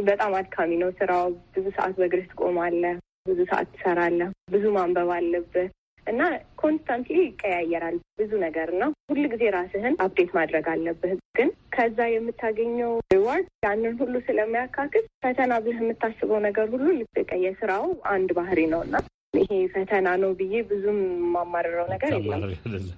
በጣም አድካሚ ነው ስራው። ብዙ ሰዓት በእግርህ ትቆማለህ፣ ብዙ ሰዓት ትሰራለህ፣ ብዙ ማንበብ አለብህ እና ኮንስታንትሊ ይቀያየራል ብዙ ነገር እና ሁል ጊዜ ራስህን አፕዴት ማድረግ አለብህ። ግን ከዛ የምታገኘው ሪዋርድ ያንን ሁሉ ስለሚያካክስ ፈተና ብለህ የምታስበው ነገር ሁሉ ልትቀየ ስራው አንድ ባህሪ ነው እና ይሄ ፈተና ነው ብዬ ብዙም የማማርረው ነገር የለም።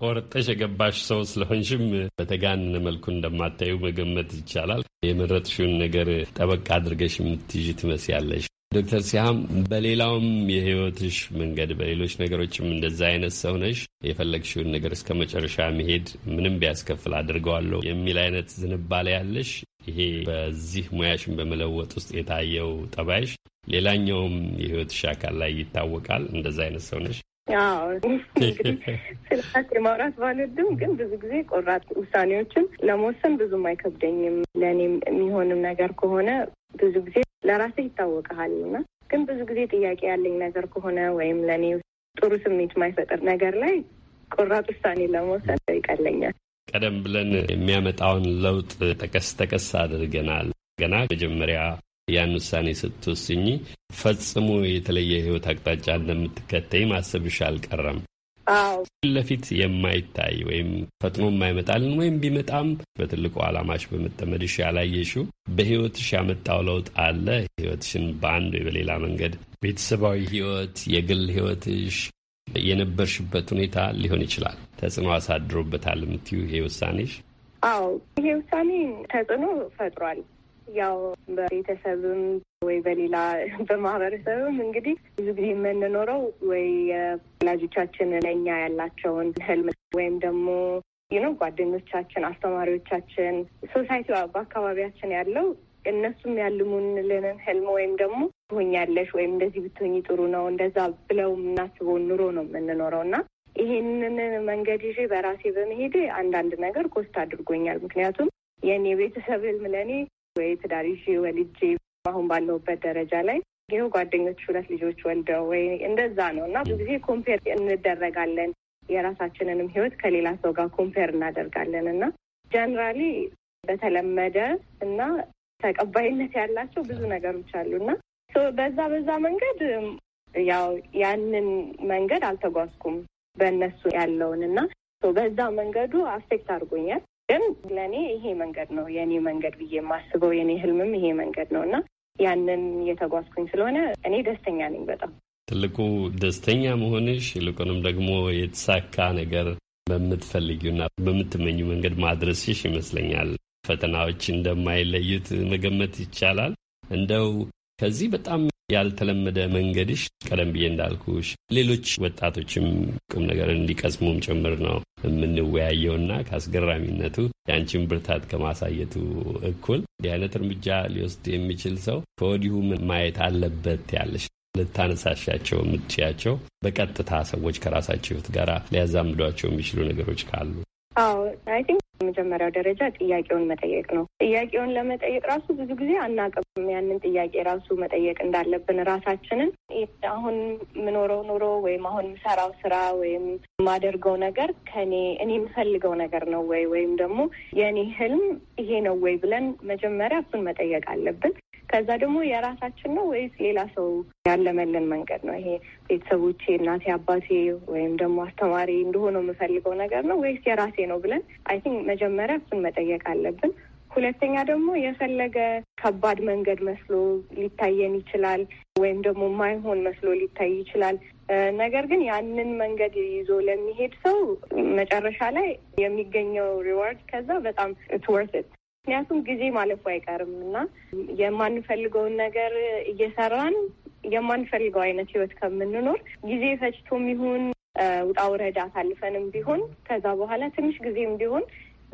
ቆርጠሽ የገባሽ ሰው ስለሆንሽም በተጋነነ መልኩ እንደማታዩ መገመት ይቻላል። የመረጥሽውን ነገር ጠበቅ አድርገሽ የምትይዥ ትመስያለሽ። ዶክተር ሲሃም በሌላውም የህይወትሽ መንገድ በሌሎች ነገሮችም እንደዛ አይነት ሰው ነሽ፣ የፈለግሽውን ነገር እስከ መጨረሻ መሄድ ምንም ቢያስከፍል አድርገዋለሁ የሚል አይነት ዝንባሌ ያለሽ ይሄ በዚህ ሙያሽን በመለወጥ ውስጥ የታየው ጠባይሽ ሌላኛውም የህይወትሽ አካል ላይ ይታወቃል። እንደዛ አይነት ሰው ነሽ። እንግዲህ ስልጣት የማውራት ባልድም ግን ብዙ ጊዜ ቆራጥ ውሳኔዎችን ለመወሰን ብዙም አይከብደኝም። ለእኔም የሚሆንም ነገር ከሆነ ብዙ ጊዜ ለራሴ ይታወቀሃል እና ግን ብዙ ጊዜ ጥያቄ ያለኝ ነገር ከሆነ ወይም ለእኔ ጥሩ ስሜት የማይፈጥር ነገር ላይ ቆራጥ ውሳኔ ለመወሰን ይቀለኛል። ቀደም ብለን የሚያመጣውን ለውጥ ጠቀስ ጠቀስ አድርገናል። ገና መጀመሪያ ያን ውሳኔ ስትወስኝ ፈጽሞ የተለየ ህይወት አቅጣጫ እንደምትከተይ ማሰብሽ አልቀረም። ፊት ለፊት የማይታይ ወይም ፈጥኖ የማይመጣልን ወይም ቢመጣም በትልቁ አላማሽ በመጠመድሽ ያላየሽው በህይወትሽ ያመጣው ለውጥ አለ። ህይወትሽን በአንድ ወይ በሌላ መንገድ ቤተሰባዊ ህይወት፣ የግል ህይወትሽ፣ የነበርሽበት ሁኔታ ሊሆን ይችላል ተጽዕኖ አሳድሮበታል የምትዩ ይሄ ውሳኔሽ? አዎ ይሄ ውሳኔ ተጽዕኖ ፈጥሯል። ያው በቤተሰብም ወይ በሌላ በማህበረሰብም እንግዲህ ብዙ ጊዜ የምንኖረው ወይ ወላጆቻችን ለእኛ ያላቸውን ህልም ወይም ደግሞ ነው ጓደኞቻችን፣ አስተማሪዎቻችን፣ ሶሳይቲ በአካባቢያችን ያለው እነሱም ያልሙንልንን ህልም ወይም ደግሞ ትሆኛለሽ ወይም እንደዚህ ብትሆኝ ጥሩ ነው እንደዛ ብለው የምናስበውን ኑሮ ነው የምንኖረው እና ይሄንን መንገድ ይዤ በራሴ በመሄዴ አንዳንድ ነገር ኮስት አድርጎኛል። ምክንያቱም የእኔ ቤተሰብ ህልም ለእኔ ወይ ትዳር ይዤ ወልጄ አሁን ባለሁበት ደረጃ ላይ ይኸው ጓደኞች ሁለት ልጆች ወልደው ወይ እንደዛ ነው እና ብዙ ጊዜ ኮምፔር እንደረጋለን። የራሳችንንም ህይወት ከሌላ ሰው ጋር ኮምፔር እናደርጋለን እና ጀነራሊ በተለመደ እና ተቀባይነት ያላቸው ብዙ ነገሮች አሉና በዛ በዛ መንገድ ያው ያንን መንገድ አልተጓዝኩም በእነሱ ያለውን እና በዛ መንገዱ አፌክት አድርጎኛል። ግን ለእኔ ይሄ መንገድ ነው የእኔ መንገድ ብዬ የማስበው የእኔ ህልምም ይሄ መንገድ ነው እና ያንን የተጓዝኩኝ ስለሆነ እኔ ደስተኛ ነኝ በጣም ትልቁ ደስተኛ መሆንሽ ይልቁንም ደግሞ የተሳካ ነገር በምትፈልጊውና በምትመኙ መንገድ ማድረስሽ ይመስለኛል። ፈተናዎች እንደማይለዩት መገመት ይቻላል። እንደው ከዚህ በጣም ያልተለመደ መንገድሽ ቀደም ብዬ እንዳልኩሽ ሌሎች ወጣቶችም ቁም ነገር እንዲቀስሙም ጭምር ነው የምንወያየውና ከአስገራሚነቱ የአንቺን ብርታት ከማሳየቱ እኩል እንዲህ አይነት እርምጃ ሊወስድ የሚችል ሰው ከወዲሁ ማየት አለበት ያለሽ ልታነሳሻቸው የምትያቸው በቀጥታ ሰዎች ከራሳቸው ሕይወት ጋር ሊያዛምዷቸው የሚችሉ ነገሮች ካሉ አዎ አይ ቲንክ የመጀመሪያው ደረጃ ጥያቄውን መጠየቅ ነው። ጥያቄውን ለመጠየቅ ራሱ ብዙ ጊዜ አናቅም። ያንን ጥያቄ ራሱ መጠየቅ እንዳለብን ራሳችንን አሁን ምኖረው ኑሮ ወይም አሁን የምሰራው ስራ ወይም የማደርገው ነገር ከኔ እኔ የምፈልገው ነገር ነው ወይ ወይም ደግሞ የእኔ ህልም ይሄ ነው ወይ ብለን መጀመሪያ እሱን መጠየቅ አለብን። ከዛ ደግሞ የራሳችን ነው ወይስ ሌላ ሰው ያለመልን መንገድ ነው? ይሄ ቤተሰቦቼ፣ እናቴ፣ አባቴ ወይም ደግሞ አስተማሪ እንደሆነ የምፈልገው ነገር ነው ወይስ የራሴ ነው ብለን አይ ቲንክ መጀመሪያ እሱን መጠየቅ አለብን። ሁለተኛ ደግሞ የፈለገ ከባድ መንገድ መስሎ ሊታየን ይችላል፣ ወይም ደግሞ ማይሆን መስሎ ሊታይ ይችላል። ነገር ግን ያንን መንገድ ይዞ ለሚሄድ ሰው መጨረሻ ላይ የሚገኘው ሪዋርድ ከዛ በጣም ኢትስ ወርት ኢት ምክንያቱም ጊዜ ማለፉ አይቀርም እና የማንፈልገውን ነገር እየሰራን የማንፈልገው አይነት ህይወት ከምንኖር ጊዜ ፈጅቶም ይሁን ውጣ ውረድ አሳልፈንም ቢሆን ከዛ በኋላ ትንሽ ጊዜም ቢሆን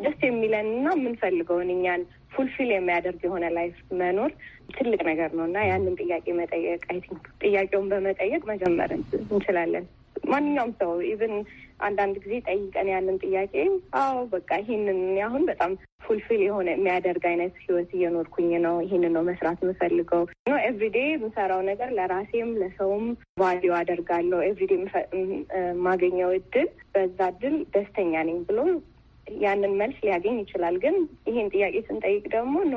ደስ የሚለን እና የምንፈልገውን እኛን ፉልፊል የሚያደርግ የሆነ ላይፍ መኖር ትልቅ ነገር ነው እና ያንን ጥያቄ መጠየቅ አይ ቲንክ ጥያቄውን በመጠየቅ መጀመር እንችላለን። ማንኛውም ሰው ኢቨን አንዳንድ ጊዜ ጠይቀን ያንን ጥያቄ አዎ በቃ ይህንን አሁን በጣም ፉልፊል የሆነ የሚያደርግ አይነት ህይወት እየኖርኩኝ ነው፣ ይህንን ነው መስራት የምፈልገው ነው። ኤቭሪዴ የምሰራው ነገር ለራሴም ለሰውም ቫሊዩ አደርጋለሁ። ኤቭሪዴ የማገኘው እድል በዛ እድል ደስተኛ ነኝ ብሎ ያንን መልስ ሊያገኝ ይችላል። ግን ይሄን ጥያቄ ስንጠይቅ ደግሞ ኖ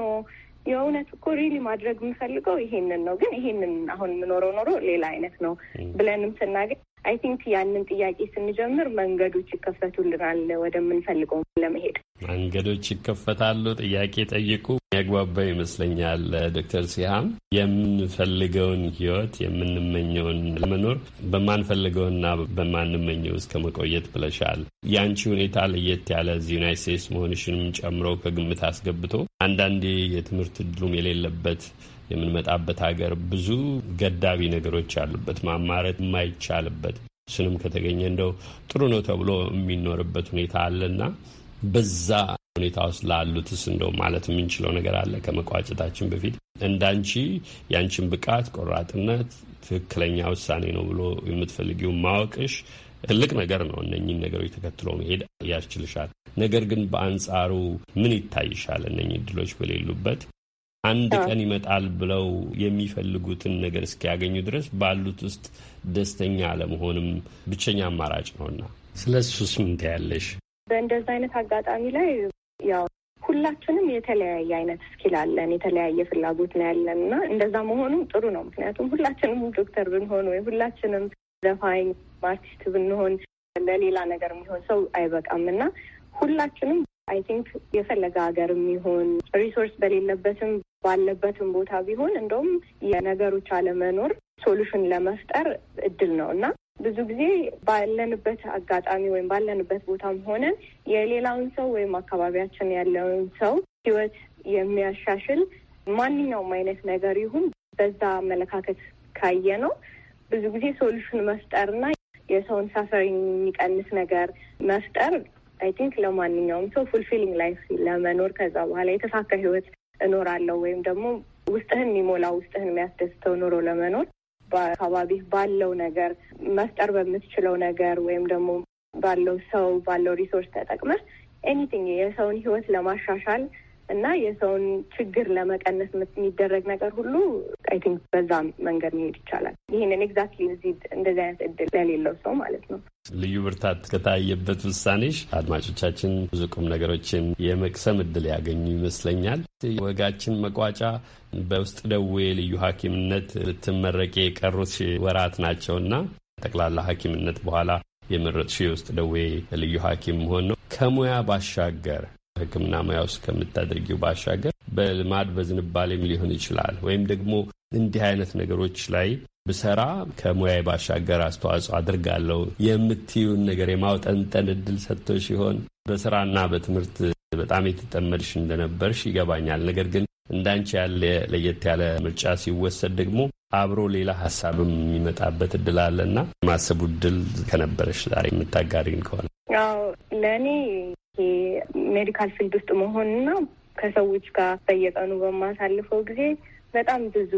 የእውነት እኮ ሪሊ ማድረግ የምፈልገው ይሄንን ነው፣ ግን ይሄንን አሁን የምኖረው ኖሮ ሌላ አይነት ነው ብለንም ስናገኝ አይ ቲንክ ያንን ጥያቄ ስንጀምር መንገዶች ይከፈቱልናል ወደምንፈልገው ለመሄድ መንገዶች ይከፈታሉ። ጥያቄ ጠይቁ ያግባባ ይመስለኛል። ዶክተር ሲሃም የምንፈልገውን ህይወት የምንመኘውን ለመኖር በማንፈልገውና በማንመኘው እስከ መቆየት ብለሻል። የአንቺ ሁኔታ ለየት ያለ እዚህ ዩናይት ስቴትስ መሆንሽንም ጨምሮ ከግምት አስገብቶ አንዳንዴ የትምህርት እድሉም የሌለበት የምንመጣበት ሀገር ብዙ ገዳቢ ነገሮች ያሉበት ማማረት የማይቻልበት ስንም ከተገኘ እንደው ጥሩ ነው ተብሎ የሚኖርበት ሁኔታ አለና በዛ ሁኔታ ውስጥ ላሉትስ እንደው ማለት የምንችለው ነገር አለ ከመቋጨታችን በፊት እንዳንቺ ያንቺን ብቃት፣ ቆራጥነት ትክክለኛ ውሳኔ ነው ብሎ የምትፈልጊው ማወቅሽ ትልቅ ነገር ነው። እነኝን ነገሮች ተከትሎ መሄድ ያስችልሻል። ነገር ግን በአንጻሩ ምን ይታይሻል? እነኝ እድሎች በሌሉበት አንድ ቀን ይመጣል ብለው የሚፈልጉትን ነገር እስኪያገኙ ድረስ ባሉት ውስጥ ደስተኛ አለመሆንም ብቸኛ አማራጭ ነውና ስለ እሱስ ምን ትያለሽ? በእንደዚህ አይነት አጋጣሚ ላይ ያው ሁላችንም የተለያየ አይነት እስኪል አለን፣ የተለያየ ፍላጎት ነው ያለን እና እንደዛ መሆኑም ጥሩ ነው። ምክንያቱም ሁላችንም ዶክተር ብንሆን ወይ ሁላችንም ዘፋኝ አርቲስት ብንሆን ለሌላ ነገር የሚሆን ሰው አይበቃም እና ሁላችንም አይ ቲንክ የፈለገ ሀገር የሚሆን ሪሶርስ በሌለበትም ባለበትም ቦታ ቢሆን እንደውም የነገሮች አለመኖር ሶሉሽን ለመፍጠር እድል ነው እና ብዙ ጊዜ ባለንበት አጋጣሚ ወይም ባለንበት ቦታም ሆነን የሌላውን ሰው ወይም አካባቢያችን ያለውን ሰው ህይወት የሚያሻሽል ማንኛውም አይነት ነገር ይሁን በዛ አመለካከት ካየ ነው ብዙ ጊዜ ሶሉሽን መፍጠርና የሰውን ሳፈሪ የሚቀንስ ነገር መፍጠር አይ ቲንክ ለማንኛውም ሰው ፉልፊሊንግ ላይፍ ለመኖር ከዛ በኋላ የተሳካ ህይወት እኖራለሁ ወይም ደግሞ ውስጥህን የሚሞላ ውስጥህን የሚያስደስተው ኑሮ ለመኖር በአካባቢህ ባለው ነገር መፍጠር በምትችለው ነገር ወይም ደግሞ ባለው ሰው ባለው ሪሶርስ ተጠቅመህ ኤኒቲንግ የሰውን ህይወት ለማሻሻል እና የሰውን ችግር ለመቀነስ የሚደረግ ነገር ሁሉ አይ ቲንክ በዛ መንገድ መሄድ ይቻላል። ይህንን ኤግዛክትሊ እዚህ እንደዚህ አይነት እድል ለሌለው ሰው ማለት ነው። ልዩ ብርታት ከታየበት ውሳኔሽ አድማጮቻችን ብዙ ቁም ነገሮችን የመቅሰም እድል ያገኙ ይመስለኛል። ወጋችን መቋጫ በውስጥ ደዌ ልዩ ሐኪምነት ልትመረቂ የቀሩት ወራት ናቸውና ጠቅላላ ሐኪምነት በኋላ የመረጥሽ የውስጥ ደዌ ልዩ ሐኪም መሆን ነው። ከሙያ ባሻገር ሕክምና ሙያ ውስጥ ከምታደርጊው ባሻገር በልማድ በዝንባሌም ሊሆን ይችላል ወይም ደግሞ እንዲህ አይነት ነገሮች ላይ ብሰራ ከሙያ ባሻገር አስተዋጽኦ አድርጋለሁ የምትዩን ነገር የማውጠንጠን እድል ሰጥቶ ሲሆን በስራና በትምህርት በጣም የተጠመድሽ እንደነበርሽ ይገባኛል። ነገር ግን እንዳንቺ ያለ ለየት ያለ ምርጫ ሲወሰድ ደግሞ አብሮ ሌላ ሀሳብም የሚመጣበት እድል አለና ማሰቡ እድል ከነበረሽ ዛሬ የምታጋሪን ከሆነ ያው ለእኔ ሜዲካል ፊልድ ውስጥ መሆንና ከሰዎች ጋር በየቀኑ በማሳልፈው ጊዜ በጣም ብዙ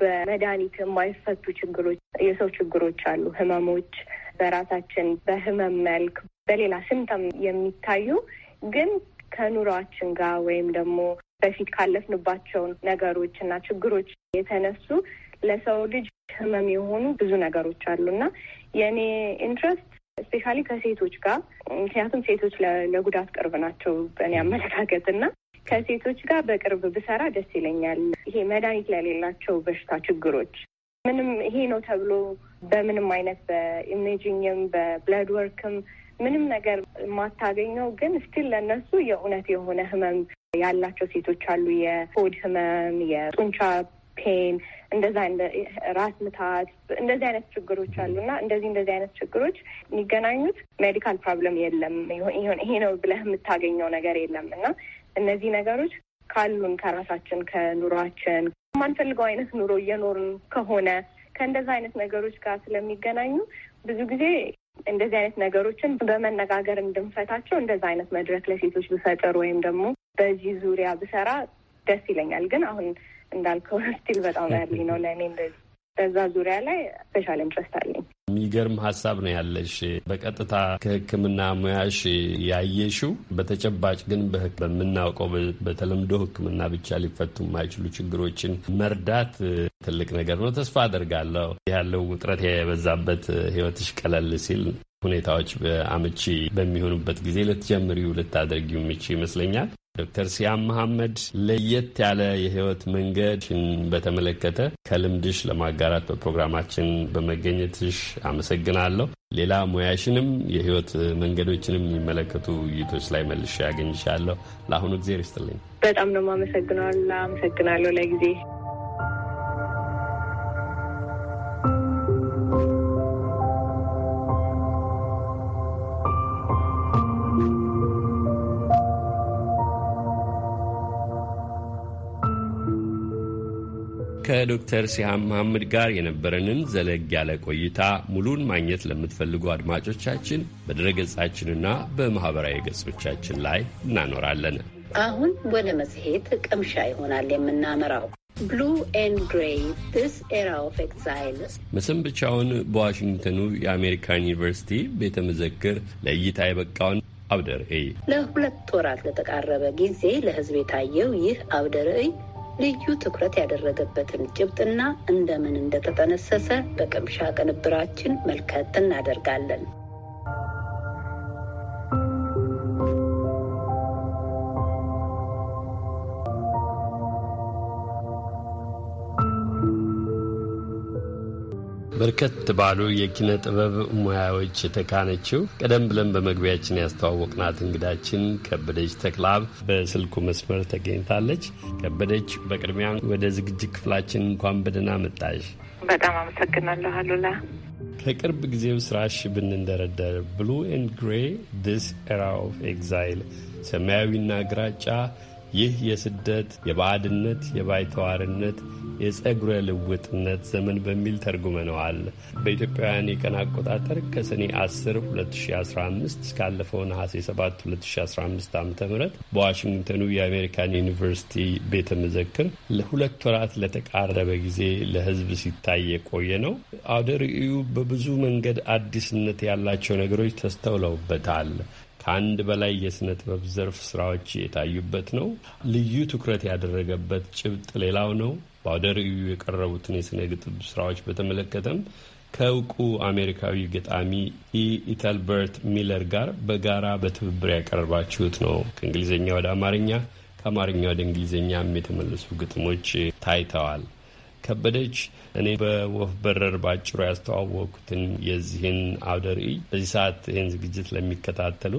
በመድኃኒት የማይፈቱ ችግሮች፣ የሰው ችግሮች አሉ። ህመሞች በራሳችን በህመም መልክ በሌላ ስምተም የሚታዩ ግን ከኑሯችን ጋር ወይም ደግሞ በፊት ካለፍንባቸው ነገሮች እና ችግሮች የተነሱ ለሰው ልጅ ህመም የሆኑ ብዙ ነገሮች አሉ እና የእኔ ኢንትረስት ስፔሻሊ ከሴቶች ጋር ምክንያቱም ሴቶች ለጉዳት ቅርብ ናቸው በእኔ አመለካከት እና ከሴቶች ጋር በቅርብ ብሰራ ደስ ይለኛል። ይሄ መድኃኒት ለሌላቸው በሽታ ችግሮች ምንም ይሄ ነው ተብሎ በምንም አይነት በኢሜጂንግም በብለድ ወርክም ምንም ነገር የማታገኘው ግን ስቲል ለእነሱ የእውነት የሆነ ህመም ያላቸው ሴቶች አሉ። የሆድ ህመም፣ የጡንቻ ፔን እንደዛ ራስ ምታት እንደዚህ አይነት ችግሮች አሉ እና እንደዚህ እንደዚህ አይነት ችግሮች የሚገናኙት ሜዲካል ፕሮብለም የለም ይሄ ነው ብለህ የምታገኘው ነገር የለም እና እነዚህ ነገሮች ካሉን ከራሳችን ከኑሯችን የማንፈልገው አይነት ኑሮ እየኖርን ከሆነ ከእንደዚ አይነት ነገሮች ጋር ስለሚገናኙ ብዙ ጊዜ እንደዚህ አይነት ነገሮችን በመነጋገር እንድንፈታቸው እንደዛ አይነት መድረክ ለሴቶች ብፈጥር ወይም ደግሞ በዚህ ዙሪያ ብሰራ ደስ ይለኛል። ግን አሁን እንዳልከው ስቲል በጣም ያርሊ ነው ለእኔ እንደዚህ በዛ ዙሪያ ላይ ስፔሻል ኢንትረስት አለኝ። የሚገርም ሀሳብ ነው ያለሽ። በቀጥታ ከሕክምና ሙያሽ ያየሽው በተጨባጭ ግን በምናውቀው በተለምዶ ሕክምና ብቻ ሊፈቱ የማይችሉ ችግሮችን መርዳት ትልቅ ነገር ነው። ተስፋ አደርጋለሁ ያለው ውጥረት የበዛበት ህይወትሽ ቀለል ሲል ሁኔታዎች አመቺ በሚሆኑበት ጊዜ ልትጀምሪው ልታደርጊው የምች ይመስለኛል። ዶክተር ሲያም መሐመድ ለየት ያለ የህይወት መንገድን በተመለከተ ከልምድሽ ለማጋራት በፕሮግራማችን በመገኘትሽ አመሰግናለሁ። ሌላ ሙያሽንም የህይወት መንገዶችንም የሚመለከቱ ውይይቶች ላይ መልሼ ያገኝሻለሁ። ለአሁኑ ጊዜ ርስትልኝ በጣም ነው አመሰግናለሁ። አመሰግናለሁ ለጊዜ ከዶክተር ሲሃም መሐመድ ጋር የነበረንን ዘለግ ያለ ቆይታ ሙሉን ማግኘት ለምትፈልጉ አድማጮቻችን በድረገጻችንና በማኅበራዊ ገጾቻችን ላይ እናኖራለን። አሁን ወደ መጽሔት ቅምሻ ይሆናል የምናመራው። ብሉ ኤንድ ግሬይ ዲስ ኤራ ኦፍ ኤግዛይል መሰንበቻውን በዋሽንግተኑ የአሜሪካን ዩኒቨርሲቲ ቤተ መዘክር ለእይታ የበቃውን አውደ ርዕይ ለሁለት ወራት ለተቃረበ ጊዜ ለሕዝብ የታየው ይህ አውደ ርዕይ ልዩ ትኩረት ያደረገበትን ጭብጥና እንደምን እንደተጠነሰሰ በቅምሻ ቅንብራችን መልከት እናደርጋለን። በርከት ባሉ የኪነ ጥበብ ሙያዎች የተካነችው ቀደም ብለን በመግቢያችን ያስተዋወቅናት እንግዳችን ከበደች ተክላብ በስልኩ መስመር ተገኝታለች። ከበደች፣ በቅድሚያ ወደ ዝግጅት ክፍላችን እንኳን በደህና መጣሽ። በጣም አመሰግናለሁ አሉላ። ከቅርብ ጊዜው ስራሽ ብንንደረደር ብሉ ኤንድ ግሬ ዲስ ኤራ ኦፍ ኤግዛይል ሰማያዊና ግራጫ ይህ የስደት የባዕድነት፣ የባይተዋርነት፣ የጸጉረ ልውጥነት ዘመን በሚል ተርጉመነዋል። በኢትዮጵያውያን የቀን አቆጣጠር ከሰኔ 10 2015 እስካለፈው ነሐሴ 7 2015 ዓ ም በዋሽንግተኑ የአሜሪካን ዩኒቨርሲቲ ቤተ መዘክር ለሁለት ወራት ለተቃረበ ጊዜ ለሕዝብ ሲታይ የቆየ ነው። አውደ ርዕዩ በብዙ መንገድ አዲስነት ያላቸው ነገሮች ተስተውለውበታል። ከአንድ በላይ የስነ ጥበብ ዘርፍ ስራዎች የታዩበት ነው። ልዩ ትኩረት ያደረገበት ጭብጥ ሌላው ነው። በአውደ ርዕዩ የቀረቡትን የስነ ግጥም ስራዎች በተመለከተም ከእውቁ አሜሪካዊ ገጣሚ ኢተልበርት ሚለር ጋር በጋራ በትብብር ያቀረባችሁት ነው። ከእንግሊዝኛ ወደ አማርኛ፣ ከአማርኛ ወደ እንግሊዝኛም የተመለሱ ግጥሞች ታይተዋል። ከበደች፣ እኔ በወፍ በረር ባጭሩ ያስተዋወቅኩትን የዚህን አውደ ርዕይ በዚህ ሰዓት ይህን ዝግጅት ለሚከታተሉ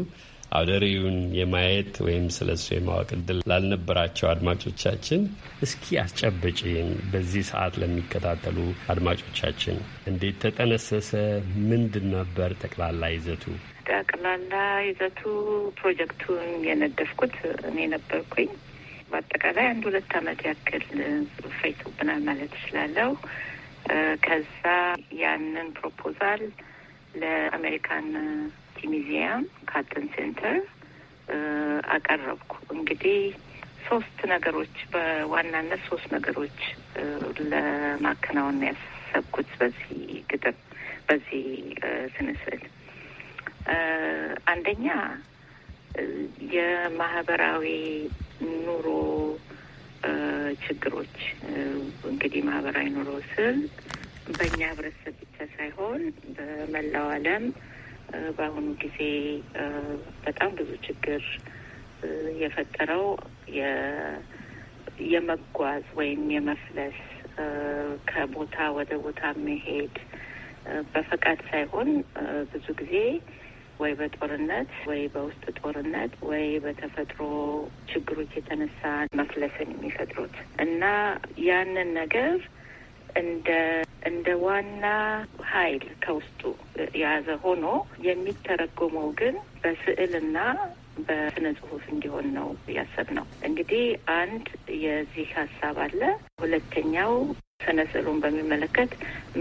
አውደ ርዕዩን የማየት ወይም ስለ እሱ የማወቅ እድል ላልነበራቸው አድማጮቻችን እስኪ አስጨበጭን። በዚህ ሰዓት ለሚከታተሉ አድማጮቻችን እንዴት ተጠነሰሰ? ምንድን ነበር ጠቅላላ ይዘቱ? ጠቅላላ ይዘቱ ፕሮጀክቱን የነደፍኩት እኔ ነበርኩኝ። በአጠቃላይ አንድ ሁለት አመት ያክል ፈይቶብናል ማለት እችላለሁ። ከዛ ያንን ፕሮፖዛል ለአሜሪካን ቲሚዚያም ካተን ሴንተር አቀረብኩ። እንግዲህ ሶስት ነገሮች በዋናነት ሶስት ነገሮች ለማከናወን ያሰብኩት በዚህ ግጥም በዚህ ስንስል አንደኛ የማህበራዊ ኑሮ ችግሮች እንግዲህ ማህበራዊ ኑሮ ስል በእኛ ህብረተሰብ ብቻ ሳይሆን በመላው ዓለም በአሁኑ ጊዜ በጣም ብዙ ችግር የፈጠረው የመጓዝ ወይም የመፍለስ ከቦታ ወደ ቦታ መሄድ በፈቃድ ሳይሆን ብዙ ጊዜ ወይ በጦርነት ወይ በውስጥ ጦርነት ወይ በተፈጥሮ ችግሮች የተነሳ መፍለስን የሚፈጥሩት እና ያንን ነገር እንደ እንደ ዋና ኃይል ከውስጡ የያዘ ሆኖ የሚተረጎመው ግን በስዕልና በስነ ጽሁፍ እንዲሆን ነው ያሰብ ነው። እንግዲህ አንድ የዚህ ሀሳብ አለ። ሁለተኛው ስነ ስዕሉን በሚመለከት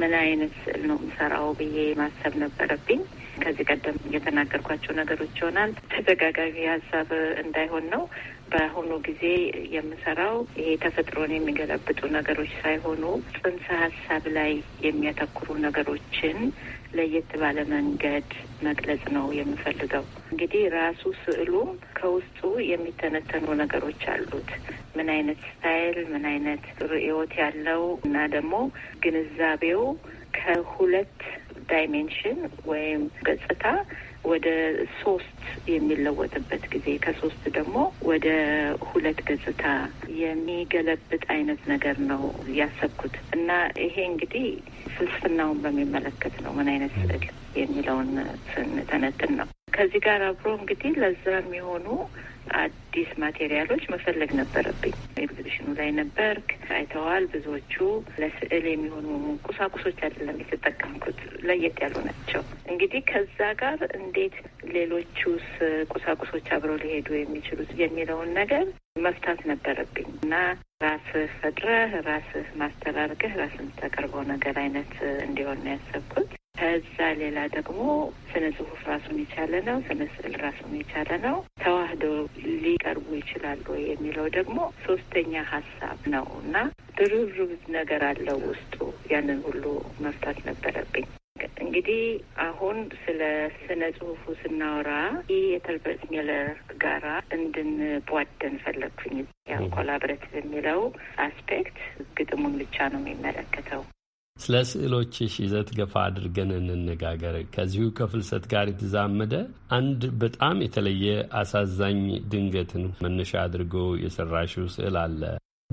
ምን አይነት ስዕል ነው የምሰራው ብዬ ማሰብ ነበረብኝ። ከዚህ ቀደም የተናገርኳቸው ነገሮች ይሆናል። ተደጋጋሚ ሀሳብ እንዳይሆን ነው። በአሁኑ ጊዜ የምሰራው ይሄ ተፈጥሮን የሚገለብጡ ነገሮች ሳይሆኑ ጽንሰ ሀሳብ ላይ የሚያተኩሩ ነገሮችን ለየት ባለ መንገድ መግለጽ ነው የምፈልገው። እንግዲህ ራሱ ስዕሉ ከውስጡ የሚተነተኑ ነገሮች አሉት። ምን አይነት ስታይል፣ ምን አይነት ርዕዮት ያለው እና ደግሞ ግንዛቤው ከሁለት ዳይሜንሽን ወይም ገጽታ ወደ ሶስት የሚለወጥበት ጊዜ ከሶስት ደግሞ ወደ ሁለት ገጽታ የሚገለብጥ አይነት ነገር ነው ያሰብኩት እና ይሄ እንግዲህ ፍልስፍናውን በሚመለከት ነው ምን አይነት ስዕል የሚለውን ስንተነጥን ነው ከዚህ ጋር አብሮ እንግዲህ ለዛ የሚሆኑ አዲስ ማቴሪያሎች መፈለግ ነበረብኝ። ኤግዚቢሽኑ ላይ ነበርክ፣ አይተዋል። ብዙዎቹ ለስዕል የሚሆኑ ቁሳቁሶች አይደለም የተጠቀምኩት፣ ለየት ያሉ ናቸው። እንግዲህ ከዛ ጋር እንዴት ሌሎቹስ ቁሳቁሶች አብረው ሊሄዱ የሚችሉት የሚለውን ነገር መፍታት ነበረብኝ እና ራስህ ፈጥረህ ራስህ ማስተራርገህ ራስህ የምታቀርበው ነገር አይነት እንዲሆን ነው ያሰብኩት። ከዛ ሌላ ደግሞ ስነ ጽሁፍ ራሱን የቻለ ነው። ስነ ስዕል ራሱን የቻለ ነው። ተዋህዶ ሊቀርቡ ይችላሉ የሚለው ደግሞ ሶስተኛ ሀሳብ ነው እና ድርብርብ ነገር አለው ውስጡ። ያንን ሁሉ መፍታት ነበረብኝ። እንግዲህ አሁን ስለ ስነ ጽሁፉ ስናወራ ይህ የተልበርት ሜለር ጋራ እንድንቧደን ፈለግኩኝ። ያው ኮላብሬቲቭ የሚለው አስፔክት ግጥሙን ብቻ ነው የሚመለከተው ስለ ስዕሎችሽ ይዘት ገፋ አድርገን እንነጋገር። ከዚሁ ከፍልሰት ጋር የተዛመደ አንድ በጣም የተለየ አሳዛኝ ድንገትን መነሻ አድርጎ የሰራሽው ስዕል አለ።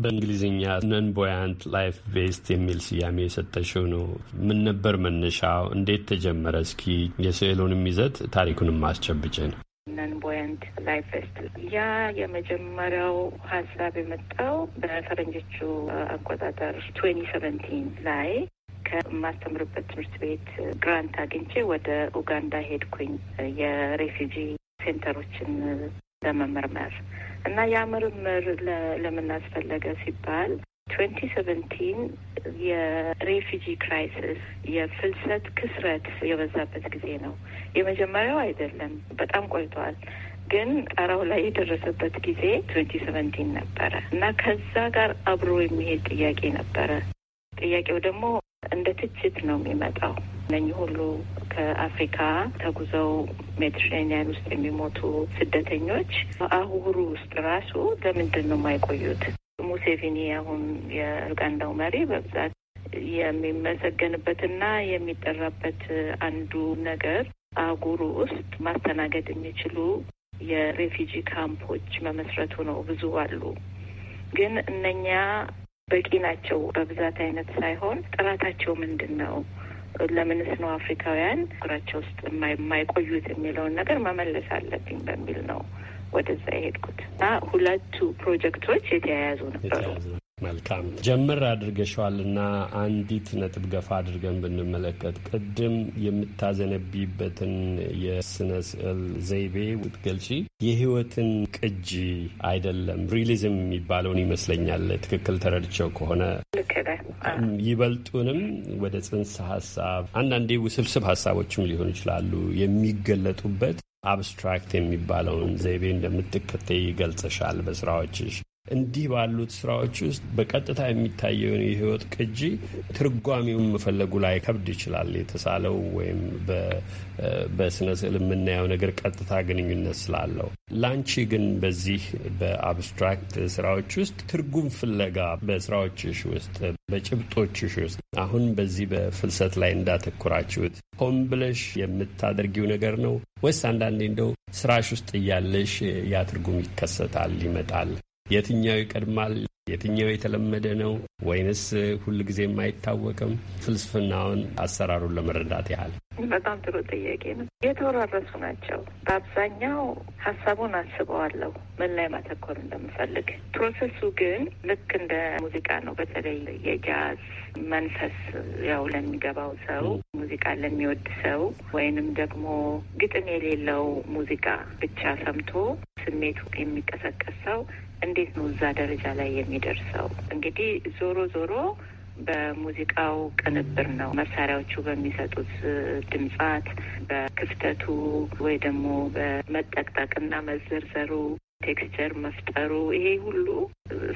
በእንግሊዝኛ ነን ቦያንት ላይፍ ቬስት የሚል ስያሜ የሰጠሽው ነው። ምን ነበር መነሻው? እንዴት ተጀመረ? እስኪ የስዕሉንም ይዘት ታሪኩንም አስጨብጭን። ነን ቦያንት ላይፍ ያ የመጀመሪያው ሀሳብ የመጣው በፈረንጆቹ አቆጣጠር ትዌንቲ ሰቨንቲን ላይ ከማስተምርበት ትምህርት ቤት ግራንት አግኝቼ ወደ ኡጋንዳ ሄድኩኝ የሬፊጂ ሴንተሮችን ለመመርመር እና ያ ምርምር ለምን አስፈለገ ሲባል ትዌንቲ ሰቨንቲን የሬፊጂ ክራይሲስ የፍልሰት ክስረት የበዛበት ጊዜ ነው። የመጀመሪያው አይደለም፣ በጣም ቆይቷል። ግን ጠራው ላይ የደረሰበት ጊዜ ትዌንቲ ሰቨንቲን ነበረ እና ከዛ ጋር አብሮ የሚሄድ ጥያቄ ነበረ። ጥያቄው ደግሞ እንደ ትችት ነው የሚመጣው። እነኚህ ሁሉ ከአፍሪካ ተጉዘው ሜዲትሬኒያን ውስጥ የሚሞቱ ስደተኞች አህጉሩ ውስጥ ራሱ ለምንድን ነው የማይቆዩት? ሙሴቪኒ አሁን የኡጋንዳው መሪ በብዛት የሚመሰገንበትና የሚጠራበት አንዱ ነገር አህጉሩ ውስጥ ማስተናገድ የሚችሉ የሬፊጂ ካምፖች መመስረቱ ነው። ብዙ አሉ፣ ግን እነኛ በቂ ናቸው? በብዛት አይነት ሳይሆን ጥራታቸው ምንድን ነው? ለምንስ ነው አፍሪካውያን ሀገራቸው ውስጥ የማይቆዩት የሚለውን ነገር መመለስ አለብኝ በሚል ነው ወደዛ የሄድኩት እና ሁለቱ ፕሮጀክቶች የተያያዙ ነበሩ። መልካም ጀምር አድርገሸዋልና አንዲት ነጥብ ገፋ አድርገን ብንመለከት ቅድም የምታዘነቢበትን የስነ ስዕል ዘይቤ ውትገልጪ የህይወትን ቅጂ አይደለም ሪሊዝም የሚባለውን ይመስለኛል። ትክክል ተረድቸው ከሆነ ይበልጡንም ወደ ጽንሰ ሀሳብ አንዳንዴ ውስብስብ ሀሳቦችም ሊሆኑ ይችላሉ የሚገለጡበት አብስትራክት የሚባለውን ዘይቤ እንደምትከተይ ይገልጽሻል በስራዎችሽ። እንዲህ ባሉት ስራዎች ውስጥ በቀጥታ የሚታየውን የህይወት ቅጂ ትርጓሚውን መፈለጉ ላይ ከብድ ይችላል። የተሳለው ወይም በስነ ስዕል የምናየው ነገር ቀጥታ ግንኙነት ስላለው፣ ላንቺ ግን በዚህ በአብስትራክት ስራዎች ውስጥ ትርጉም ፍለጋ በስራዎችሽ ውስጥ በጭብጦችሽ ውስጥ አሁን በዚህ በፍልሰት ላይ እንዳተኩራችሁት ሆን ብለሽ የምታደርጊው ነገር ነው ወይስ አንዳንዴ እንደው ስራሽ ውስጥ እያለሽ ያ ትርጉም ይከሰታል ይመጣል? የትኛው ይቀድማል? የትኛው የተለመደ ነው ወይንስ ጊዜም አይታወቅም? ፍልስፍናውን አሰራሩን ለመረዳት ያህል በጣም ጥሩ ጥያቄ ነው። የተወራረሱ ናቸው። በአብዛኛው ሀሳቡን አስበዋለሁ ምን ላይ ማተኮር እንደምፈልግ። ፕሮሰሱ ግን ልክ እንደ ሙዚቃ ነው። በተለይ የጃዝ መንፈስ ያው ለሚገባው ሰው፣ ሙዚቃ ለሚወድ ሰው ወይንም ደግሞ ግጥም የሌለው ሙዚቃ ብቻ ሰምቶ ስሜቱ የሚቀሰቀስ ሰው እንዴት ነው እዛ ደረጃ ላይ የሚደርሰው? እንግዲህ ዞሮ ዞሮ በሙዚቃው ቅንብር ነው። መሳሪያዎቹ በሚሰጡት ድምጻት፣ በክፍተቱ ወይ ደግሞ በመጠቅጠቅና መዘርዘሩ፣ ቴክስቸር መፍጠሩ፣ ይሄ ሁሉ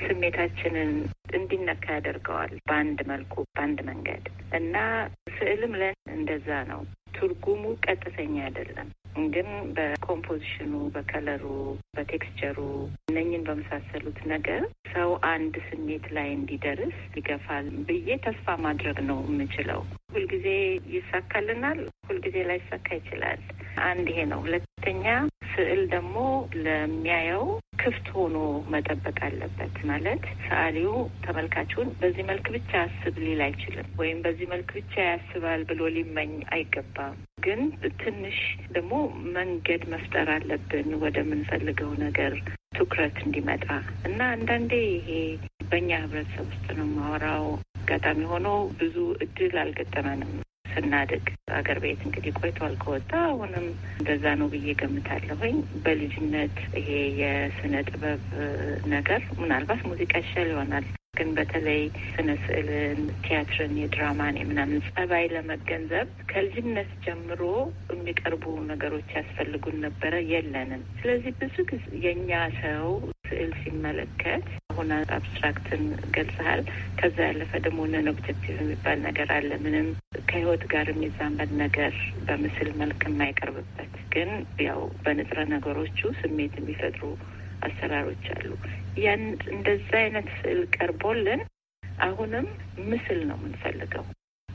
ስሜታችንን እንዲነካ ያደርገዋል በአንድ መልኩ በአንድ መንገድ እና ስዕልም ለን እንደዛ ነው። ትርጉሙ ቀጥተኛ አይደለም። ግን በኮምፖዚሽኑ፣ በከለሩ፣ በቴክስቸሩ እነኝን በመሳሰሉት ነገር ሰው አንድ ስሜት ላይ እንዲደርስ ይገፋል ብዬ ተስፋ ማድረግ ነው የምችለው። ሁልጊዜ ይሳካልናል፣ ሁልጊዜ ላይሳካ ይችላል። አንድ ይሄ ነው። ሁለተኛ ስዕል ደግሞ ለሚያየው ክፍት ሆኖ መጠበቅ አለበት። ማለት ሰዓሊው ተመልካቹን በዚህ መልክ ብቻ አስብ ሊል አይችልም፣ ወይም በዚህ መልክ ብቻ ያስባል ብሎ ሊመኝ አይገባም። ግን ትንሽ ደግሞ መንገድ መፍጠር አለብን ወደምንፈልገው ነገር ትኩረት እንዲመጣ እና አንዳንዴ ይሄ በእኛ ህብረተሰብ ውስጥ ነው የማወራው። አጋጣሚ ሆኖ ብዙ እድል አልገጠመንም። ስናድግ አገር ቤት እንግዲህ ቆይቷል ከወጣ አሁንም እንደዛ ነው ብዬ ገምታለሁኝ። በልጅነት ይሄ የስነ ጥበብ ነገር ምናልባት ሙዚቃ ይሻል ይሆናል ግን በተለይ ስነ ስዕልን፣ ቲያትርን፣ የድራማን የምናምን ጸባይ ለመገንዘብ ከልጅነት ጀምሮ የሚቀርቡ ነገሮች ያስፈልጉን ነበረ፣ የለንም። ስለዚህ ብዙ ጊዜ የእኛ ሰው ስዕል ሲመለከት ከሆነ አብስትራክትን ገልጸሃል። ከዛ ያለፈ ደግሞ ነን ኦብጀክቲቭ የሚባል ነገር አለ። ምንም ከህይወት ጋር የሚዛመድ ነገር በምስል መልክ የማይቀርብበት ግን ያው በንጥረ ነገሮቹ ስሜት የሚፈጥሩ አሰራሮች አሉ። ያን እንደዛ አይነት ስዕል ቀርቦልን አሁንም ምስል ነው የምንፈልገው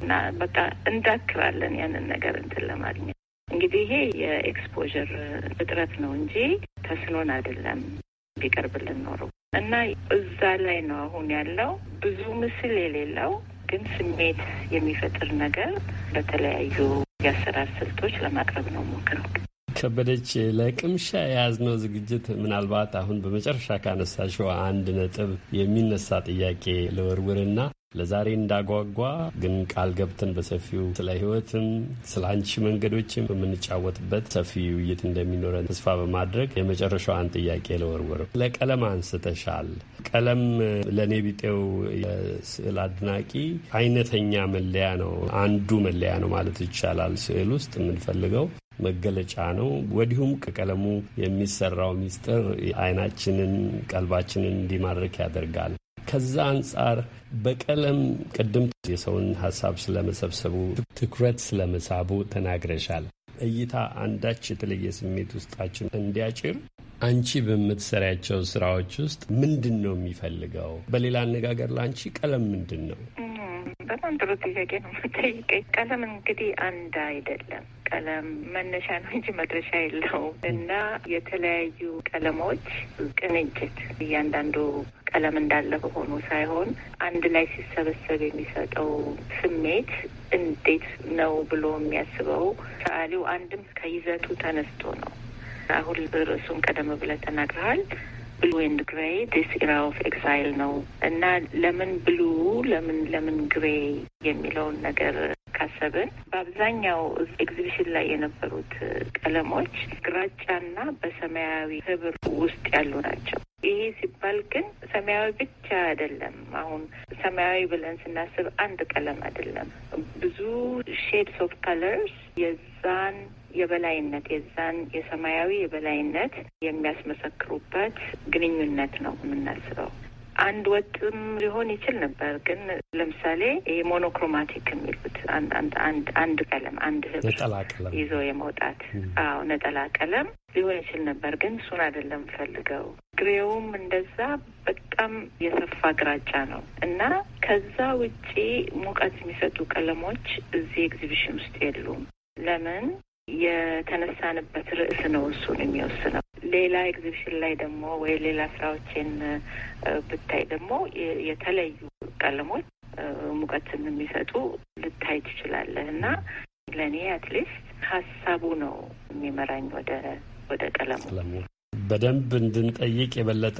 እና በቃ እንዳክራለን ያንን ነገር እንትን ለማግኘት እንግዲህ ይሄ የኤክስፖር እጥረት ነው እንጂ ተስኖን አይደለም። ቢቀርብልን ኖሮ እና እዛ ላይ ነው አሁን ያለው ብዙ ምስል የሌለው ግን ስሜት የሚፈጥር ነገር በተለያዩ የአሰራር ስልቶች ለማቅረብ ነው ሞክረው። ከበደች ለቅምሻ የያዝነው ዝግጅት ምናልባት አሁን በመጨረሻ ካነሳሽው አንድ ነጥብ የሚነሳ ጥያቄ ልወርውርና ለዛሬ እንዳጓጓ ግን ቃል ገብተን በሰፊው ስለ ሕይወትም ስለ አንቺ መንገዶችም የምንጫወትበት ሰፊ ውይይት እንደሚኖረን ተስፋ በማድረግ የመጨረሻዋን ጥያቄ ለወርወር ለቀለም አንስተሻል። ቀለም ለእኔ ቢጤው የስዕል አድናቂ አይነተኛ መለያ ነው፣ አንዱ መለያ ነው ማለት ይቻላል። ስዕል ውስጥ የምንፈልገው መገለጫ ነው። ወዲሁም ከቀለሙ የሚሰራው ምስጢር አይናችንን፣ ቀልባችንን እንዲማርክ ያደርጋል። ከዛ አንጻር በቀለም ቅድም የሰውን ሀሳብ ስለመሰብሰቡ ትኩረት ስለመሳቡ ተናግረሻል። እይታ አንዳች የተለየ ስሜት ውስጣችን እንዲያጭር አንቺ በምትሰሪያቸው ስራዎች ውስጥ ምንድን ነው የሚፈልገው? በሌላ አነጋገር ለአንቺ ቀለም ምንድን ነው? በጣም ጥሩ ጥያቄ ነው የምጠይቀኝ። ቀለም እንግዲህ አንድ አይደለም። ቀለም መነሻ ነው እንጂ መድረሻ የለውም እና የተለያዩ ቀለሞች ቅንጅት እያንዳንዱ ቀለም እንዳለ በሆኑ ሳይሆን አንድ ላይ ሲሰበሰብ የሚሰጠው ስሜት እንዴት ነው ብሎ የሚያስበው ሰዓሊው አንድም ከይዘቱ ተነስቶ ነው አሁን በርዕሱም ቀደም ብለህ ተናግረሃል። ብሉ ኤንድ ግሬ ዲስ ኢራ ኦፍ ኤግዛይል ነው እና ለምን ብሉ ለምን ለምን ግሬ የሚለውን ነገር ካሰብን በአብዛኛው ኤግዚቢሽን ላይ የነበሩት ቀለሞች ግራጫና በሰማያዊ ህብር ውስጥ ያሉ ናቸው። ይሄ ሲባል ግን ሰማያዊ ብቻ አይደለም። አሁን ሰማያዊ ብለን ስናስብ አንድ ቀለም አይደለም፣ ብዙ ሼድስ ኦፍ ከለርስ የዛን የበላይነት የዛን የሰማያዊ የበላይነት የሚያስመሰክሩበት ግንኙነት ነው የምናስበው። አንድ ወጥም ሊሆን ይችል ነበር። ግን ለምሳሌ ሞኖክሮማቲክ የሚሉት አንድ ቀለም አንድ ህብር ይዞ የመውጣት አዎ፣ ነጠላ ቀለም ሊሆን ይችል ነበር። ግን እሱን አይደለም ፈልገው። ግሬውም እንደዛ በጣም የሰፋ ግራጫ ነው እና ከዛ ውጪ ሙቀት የሚሰጡ ቀለሞች እዚህ ኤግዚቢሽን ውስጥ የሉም። ለምን የተነሳንበት ርዕስ ነው እሱን የሚወስነው። ሌላ ኤግዚቢሽን ላይ ደግሞ ወይ ሌላ ስራዎችን ብታይ ደግሞ የተለዩ ቀለሞች ሙቀትን የሚሰጡ ልታይ ትችላለህ እና ለእኔ አትሊስት ሀሳቡ ነው የሚመራኝ ወደ ወደ ቀለሙ በደንብ እንድንጠይቅ የበለጠ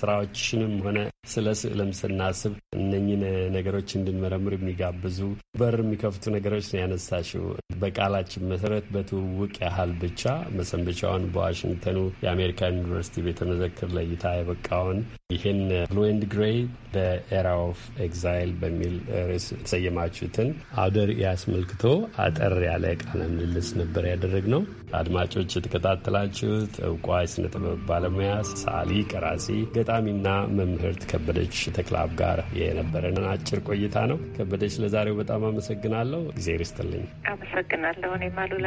ስራዎችንም ሆነ ስለ ስዕልም ስናስብ እነኝን ነገሮች እንድንመረምር የሚጋብዙ በር የሚከፍቱ ነገሮች ነው ያነሳሽው። በቃላችን መሰረት በትውውቅ ያህል ብቻ መሰንበቻውን በዋሽንግተኑ የአሜሪካ ዩኒቨርሲቲ ቤተመዘክር ለእይታ የበቃውን ይህን ፍሉዌንድ ግሬ ኤራ ኦፍ ኤግዛይል በሚል ርዕስ የተሰየማችሁትን አውደር ያስመልክቶ አጠር ያለ ቃለ ምልልስ ነበር ነው። አድማጮች የተከታተላችሁት እውቋ የስነ ባለሙያ ሰዓሊ፣ ቀራጺ፣ ገጣሚና መምህርት ከበደች ተክላብ ጋር የነበረንን አጭር ቆይታ ነው። ከበደች፣ ለዛሬው በጣም አመሰግናለሁ። ጊዜ ርስትልኝ። አመሰግናለሁ። እኔም አሉላ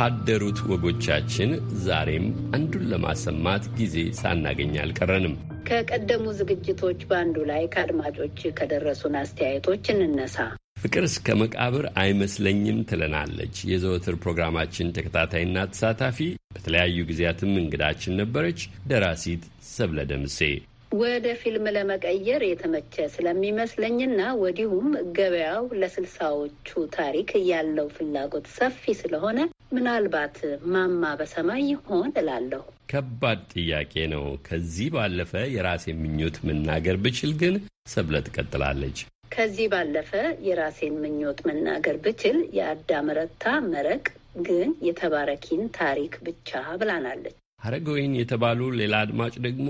ካደሩት ወጎቻችን ዛሬም አንዱን ለማሰማት ጊዜ ሳናገኝ አልቀረንም። ከቀደሙ ዝግጅቶች በአንዱ ላይ ከአድማጮች ከደረሱን አስተያየቶች እንነሳ። ፍቅር እስከ መቃብር አይመስለኝም ትለናለች። የዘወትር ፕሮግራማችን ተከታታይና ተሳታፊ በተለያዩ ጊዜያትም እንግዳችን ነበረች። ደራሲት ሰብለ ደምሴ ወደ ፊልም ለመቀየር የተመቸ ስለሚመስለኝና ወዲሁም ገበያው ለስልሳዎቹ ታሪክ ያለው ፍላጎት ሰፊ ስለሆነ ምናልባት ማማ በሰማይ ይሆን እላለሁ። ከባድ ጥያቄ ነው። ከዚህ ባለፈ የራሴ ምኞት መናገር ብችል ግን ሰብለ ትቀጥላለች። ከዚህ ባለፈ የራሴን ምኞት መናገር ብችል የአዳም ረታ መረቅ ግን የተባረኪን ታሪክ ብቻ ብላናለች። ሀረገወይን የተባሉ ሌላ አድማጭ ደግሞ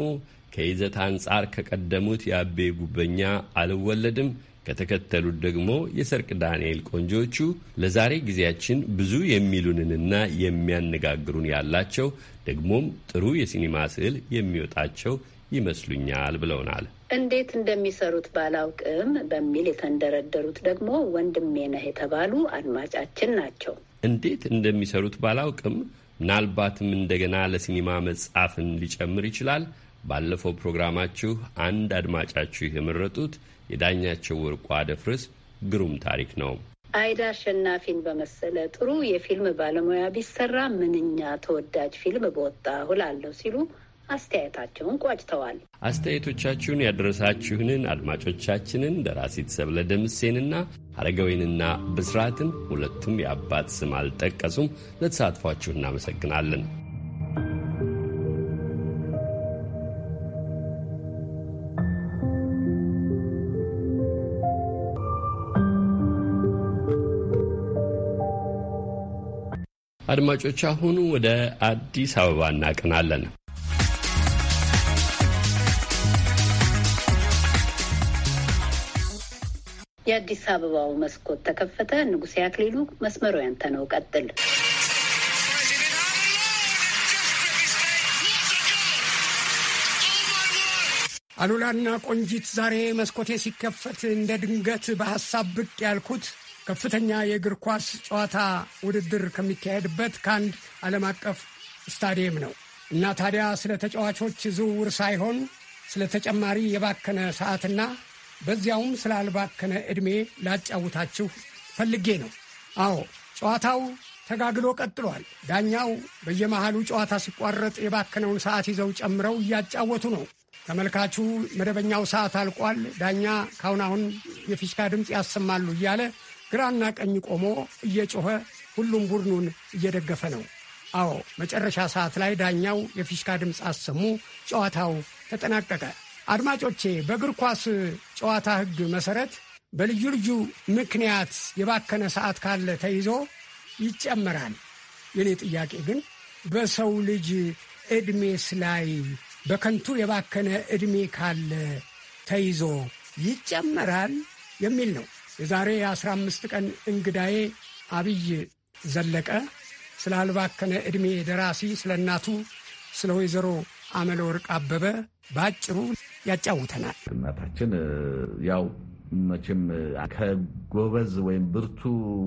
ከይዘት አንጻር ከቀደሙት የአቤ ጉበኛ አልወለድም ከተከተሉት ደግሞ የሰርቅ ዳንኤል ቆንጆቹ ለዛሬ ጊዜያችን ብዙ የሚሉንንና የሚያነጋግሩን ያላቸው ደግሞም ጥሩ የሲኒማ ስዕል የሚወጣቸው ይመስሉኛል ብለውናል። እንዴት እንደሚሰሩት ባላውቅም በሚል የተንደረደሩት ደግሞ ወንድሜ ነህ የተባሉ አድማጫችን ናቸው። እንዴት እንደሚሰሩት ባላውቅም ምናልባትም እንደገና ለሲኒማ መጻፍን ሊጨምር ይችላል። ባለፈው ፕሮግራማችሁ አንድ አድማጫችሁ የመረጡት የዳኛቸው ወርቁ አደፍርስ ግሩም ታሪክ ነው። አይዳ አሸናፊን በመሰለ ጥሩ የፊልም ባለሙያ ቢሰራ ምንኛ ተወዳጅ ፊልም በወጣ ሁላለሁ ሲሉ አስተያየታቸውን ቋጭተዋል። አስተያየቶቻችሁን ያደረሳችሁንን አድማጮቻችንን ደራሲት ሰብለ ደምሴንና አረጋዊንና ብስራትን ሁለቱም የአባት ስም አልጠቀሱም ለተሳትፏችሁ እናመሰግናለን። አድማጮች አሁኑ ወደ አዲስ አበባ እናቀናለን። የአዲስ አበባው መስኮት ተከፈተ። ንጉሴ አክሊሉ፣ መስመሩ ያንተ ነው። ቀጥል። አሉላና ቆንጂት ዛሬ መስኮቴ ሲከፈት እንደ ድንገት በሀሳብ ብቅ ያልኩት ከፍተኛ የእግር ኳስ ጨዋታ ውድድር ከሚካሄድበት ከአንድ ዓለም አቀፍ ስታዲየም ነው እና ታዲያ ስለ ተጫዋቾች ዝውውር ሳይሆን ስለ ተጨማሪ የባከነ ሰዓትና በዚያውም ስላልባከነ ዕድሜ ላጫውታችሁ ፈልጌ ነው። አዎ ጨዋታው ተጋግሎ ቀጥሏል። ዳኛው በየመሃሉ ጨዋታ ሲቋረጥ የባከነውን ሰዓት ይዘው ጨምረው እያጫወቱ ነው። ተመልካቹ መደበኛው ሰዓት አልቋል፣ ዳኛ ካሁን አሁን የፊሽካ ድምፅ ያሰማሉ እያለ ግራና ቀኝ ቆሞ እየጮኸ ሁሉም ቡድኑን እየደገፈ ነው። አዎ መጨረሻ ሰዓት ላይ ዳኛው የፊሽካ ድምፅ አሰሙ። ጨዋታው ተጠናቀቀ። አድማጮቼ፣ በእግር ኳስ ጨዋታ ሕግ መሠረት በልዩ ልዩ ምክንያት የባከነ ሰዓት ካለ ተይዞ ይጨመራል። የኔ ጥያቄ ግን በሰው ልጅ ዕድሜስ ላይ በከንቱ የባከነ ዕድሜ ካለ ተይዞ ይጨመራል የሚል ነው። የዛሬ የአስራ አምስት ቀን እንግዳዬ አብይ ዘለቀ ስላልባከነ ዕድሜ ደራሲ ስለ እናቱ ስለ ወይዘሮ አመለ ወርቅ አበበ በአጭሩ ያጫውተናል። እናታችን ያው መቼም ከጎበዝ ወይም ብርቱ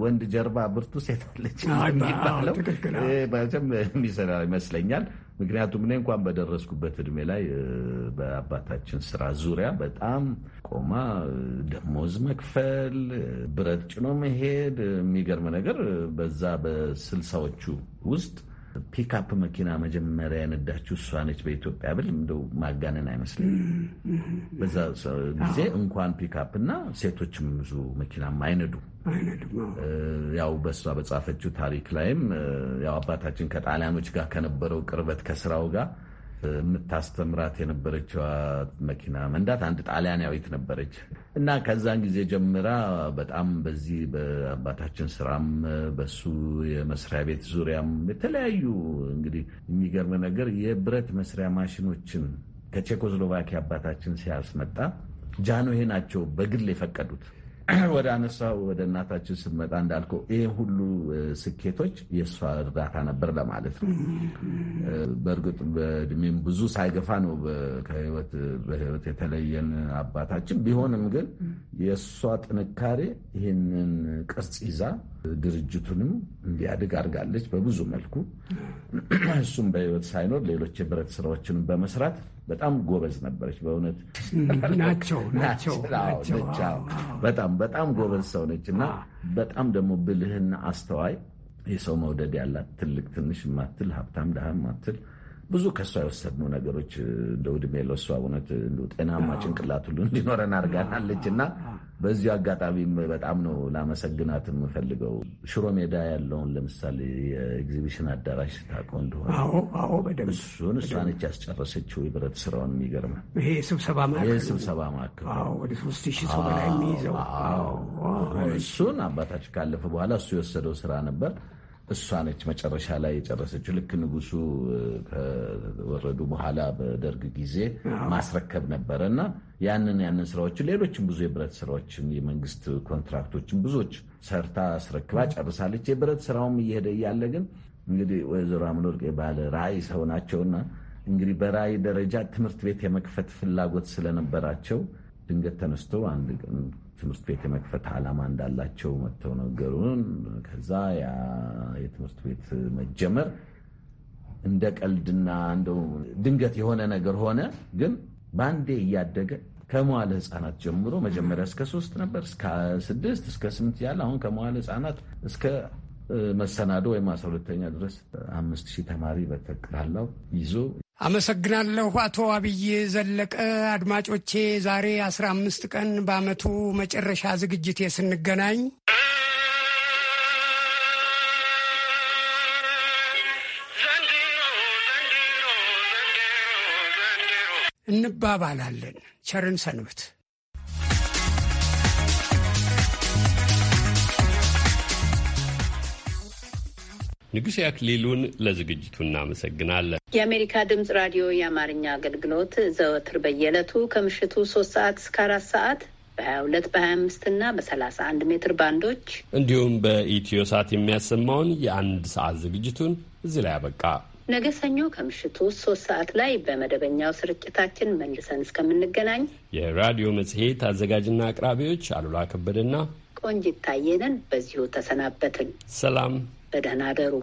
ወንድ ጀርባ ብርቱ ሴት አለች የሚባለው የሚሰራ ይመስለኛል። ምክንያቱም እኔ እንኳን በደረስኩበት እድሜ ላይ በአባታችን ስራ ዙሪያ በጣም ቆማ ደሞዝ መክፈል፣ ብረት ጭኖ መሄድ የሚገርም ነገር በዛ በስልሳዎቹ ውስጥ ፒክአፕ መኪና መጀመሪያ የነዳችው እሷ ነች በኢትዮጵያ ብል እንደው ማጋነን አይመስልም። በዛ ጊዜ እንኳን ፒክአፕ እና ሴቶችም ብዙ መኪናም አይነዱ። ያው በእሷ በጻፈችው ታሪክ ላይም ያው አባታችን ከጣሊያኖች ጋር ከነበረው ቅርበት ከስራው ጋር የምታስተምራት የነበረችዋ መኪና መንዳት አንድ ጣሊያናዊት ነበረች እና ከዛን ጊዜ ጀምራ በጣም በዚህ በአባታችን ስራም በሱ የመስሪያ ቤት ዙሪያም የተለያዩ እንግዲህ የሚገርም ነገር የብረት መስሪያ ማሽኖችን ከቼኮስሎቫኪያ አባታችን ሲያስመጣ ጃንሆይ ናቸው በግል የፈቀዱት ወደ አነሳው ወደ እናታችን ስመጣ እንዳልከው ይህ ሁሉ ስኬቶች የእሷ እርዳታ ነበር ለማለት ነው። በእርግጥ በእድሜም ብዙ ሳይገፋ ነው በህይወት የተለየን አባታችን። ቢሆንም ግን የእሷ ጥንካሬ ይህንን ቅርጽ ይዛ ድርጅቱንም እንዲያድግ አድርጋለች በብዙ መልኩ። እሱም በህይወት ሳይኖር ሌሎች የብረት ስራዎችንም በመስራት በጣም ጎበዝ ነበረች። በእውነት ናቸው ናቸው በጣም በጣም ጎበዝ ሰው ነች እና በጣም ደግሞ ብልህና አስተዋይ የሰው መውደድ ያላት ትልቅ ትንሽ ማትል ሀብታም ድሃ ማትል ብዙ ከእሷ የወሰድነው ነገሮች እንደ ዕድሜ ለእሷ እውነት ጤናማ ጭንቅላት ሁሉ እንዲኖረን አድርጋናለች እና በዚሁ አጋጣሚም በጣም ነው ላመሰግናት የምፈልገው። ሽሮ ሜዳ ያለውን ለምሳሌ የኤግዚቢሽን አዳራሽ ታውቀው እንደሆነ እሱን እሷ ነች ያስጨረሰችው የብረት ስራውን። የሚገርም ይሄ ስብሰባ ማዕከል ወደ ሰው በላይ የሚይዘው እሱን አባታችን ካለፈ በኋላ እሱ የወሰደው ስራ ነበር። እሷ ነች መጨረሻ ላይ የጨረሰችው። ልክ ንጉሱ ከወረዱ በኋላ በደርግ ጊዜ ማስረከብ ነበረ እና ያንን ያንን ስራዎችን ሌሎችም ብዙ የብረት ስራዎችን የመንግስት ኮንትራክቶችን ብዙዎች ሰርታ አስረክባ ጨርሳለች። የብረት ስራውም እየሄደ እያለ ግን እንግዲህ ወይዘሮ አምለወርቅ የባለ ራዕይ ሰው ናቸውና እንግዲህ በራዕይ ደረጃ ትምህርት ቤት የመክፈት ፍላጎት ስለነበራቸው ድንገት ተነስቶ አንድ ትምህርት ቤት የመክፈት ዓላማ እንዳላቸው መጥተው ነገሩን። ከዛ ያ የትምህርት ቤት መጀመር እንደ ቀልድና እንደው ድንገት የሆነ ነገር ሆነ። ግን በአንዴ እያደገ ከመዋለ ህፃናት ጀምሮ መጀመሪያ እስከ ሶስት ነበር፣ እስከ ስድስት እስከ ስምንት ያለ አሁን ከመዋለ ሕፃናት እስከ መሰናዶ ወይም አስራ ሁለተኛ ድረስ አምስት ሺህ ተማሪ በጠቅላላው ይዞ አመሰግናለሁ አቶ አብይ ዘለቀ። አድማጮቼ ዛሬ አስራ አምስት ቀን በአመቱ መጨረሻ ዝግጅቴ ስንገናኝ እንባባላለን። ቸርን ሰንብት። ንጉሴ አክሊሉን ለዝግጅቱ እናመሰግናለን። የአሜሪካ ድምጽ ራዲዮ የአማርኛ አገልግሎት ዘወትር በየዕለቱ ከምሽቱ ሶስት ሰዓት እስከ አራት ሰዓት በ22 በ25 እና በ31 ሜትር ባንዶች እንዲሁም በኢትዮ ሰዓት የሚያሰማውን የአንድ ሰዓት ዝግጅቱን እዚህ ላይ አበቃ። ነገ ሰኞ ከምሽቱ ሶስት ሰዓት ላይ በመደበኛው ስርጭታችን መልሰን እስከምንገናኝ የራዲዮ መጽሔት አዘጋጅና አቅራቢዎች አሉላ ከበደና ቆንጅት ታየነን በዚሁ ተሰናበትን። ሰላም። በደህና አደሩ።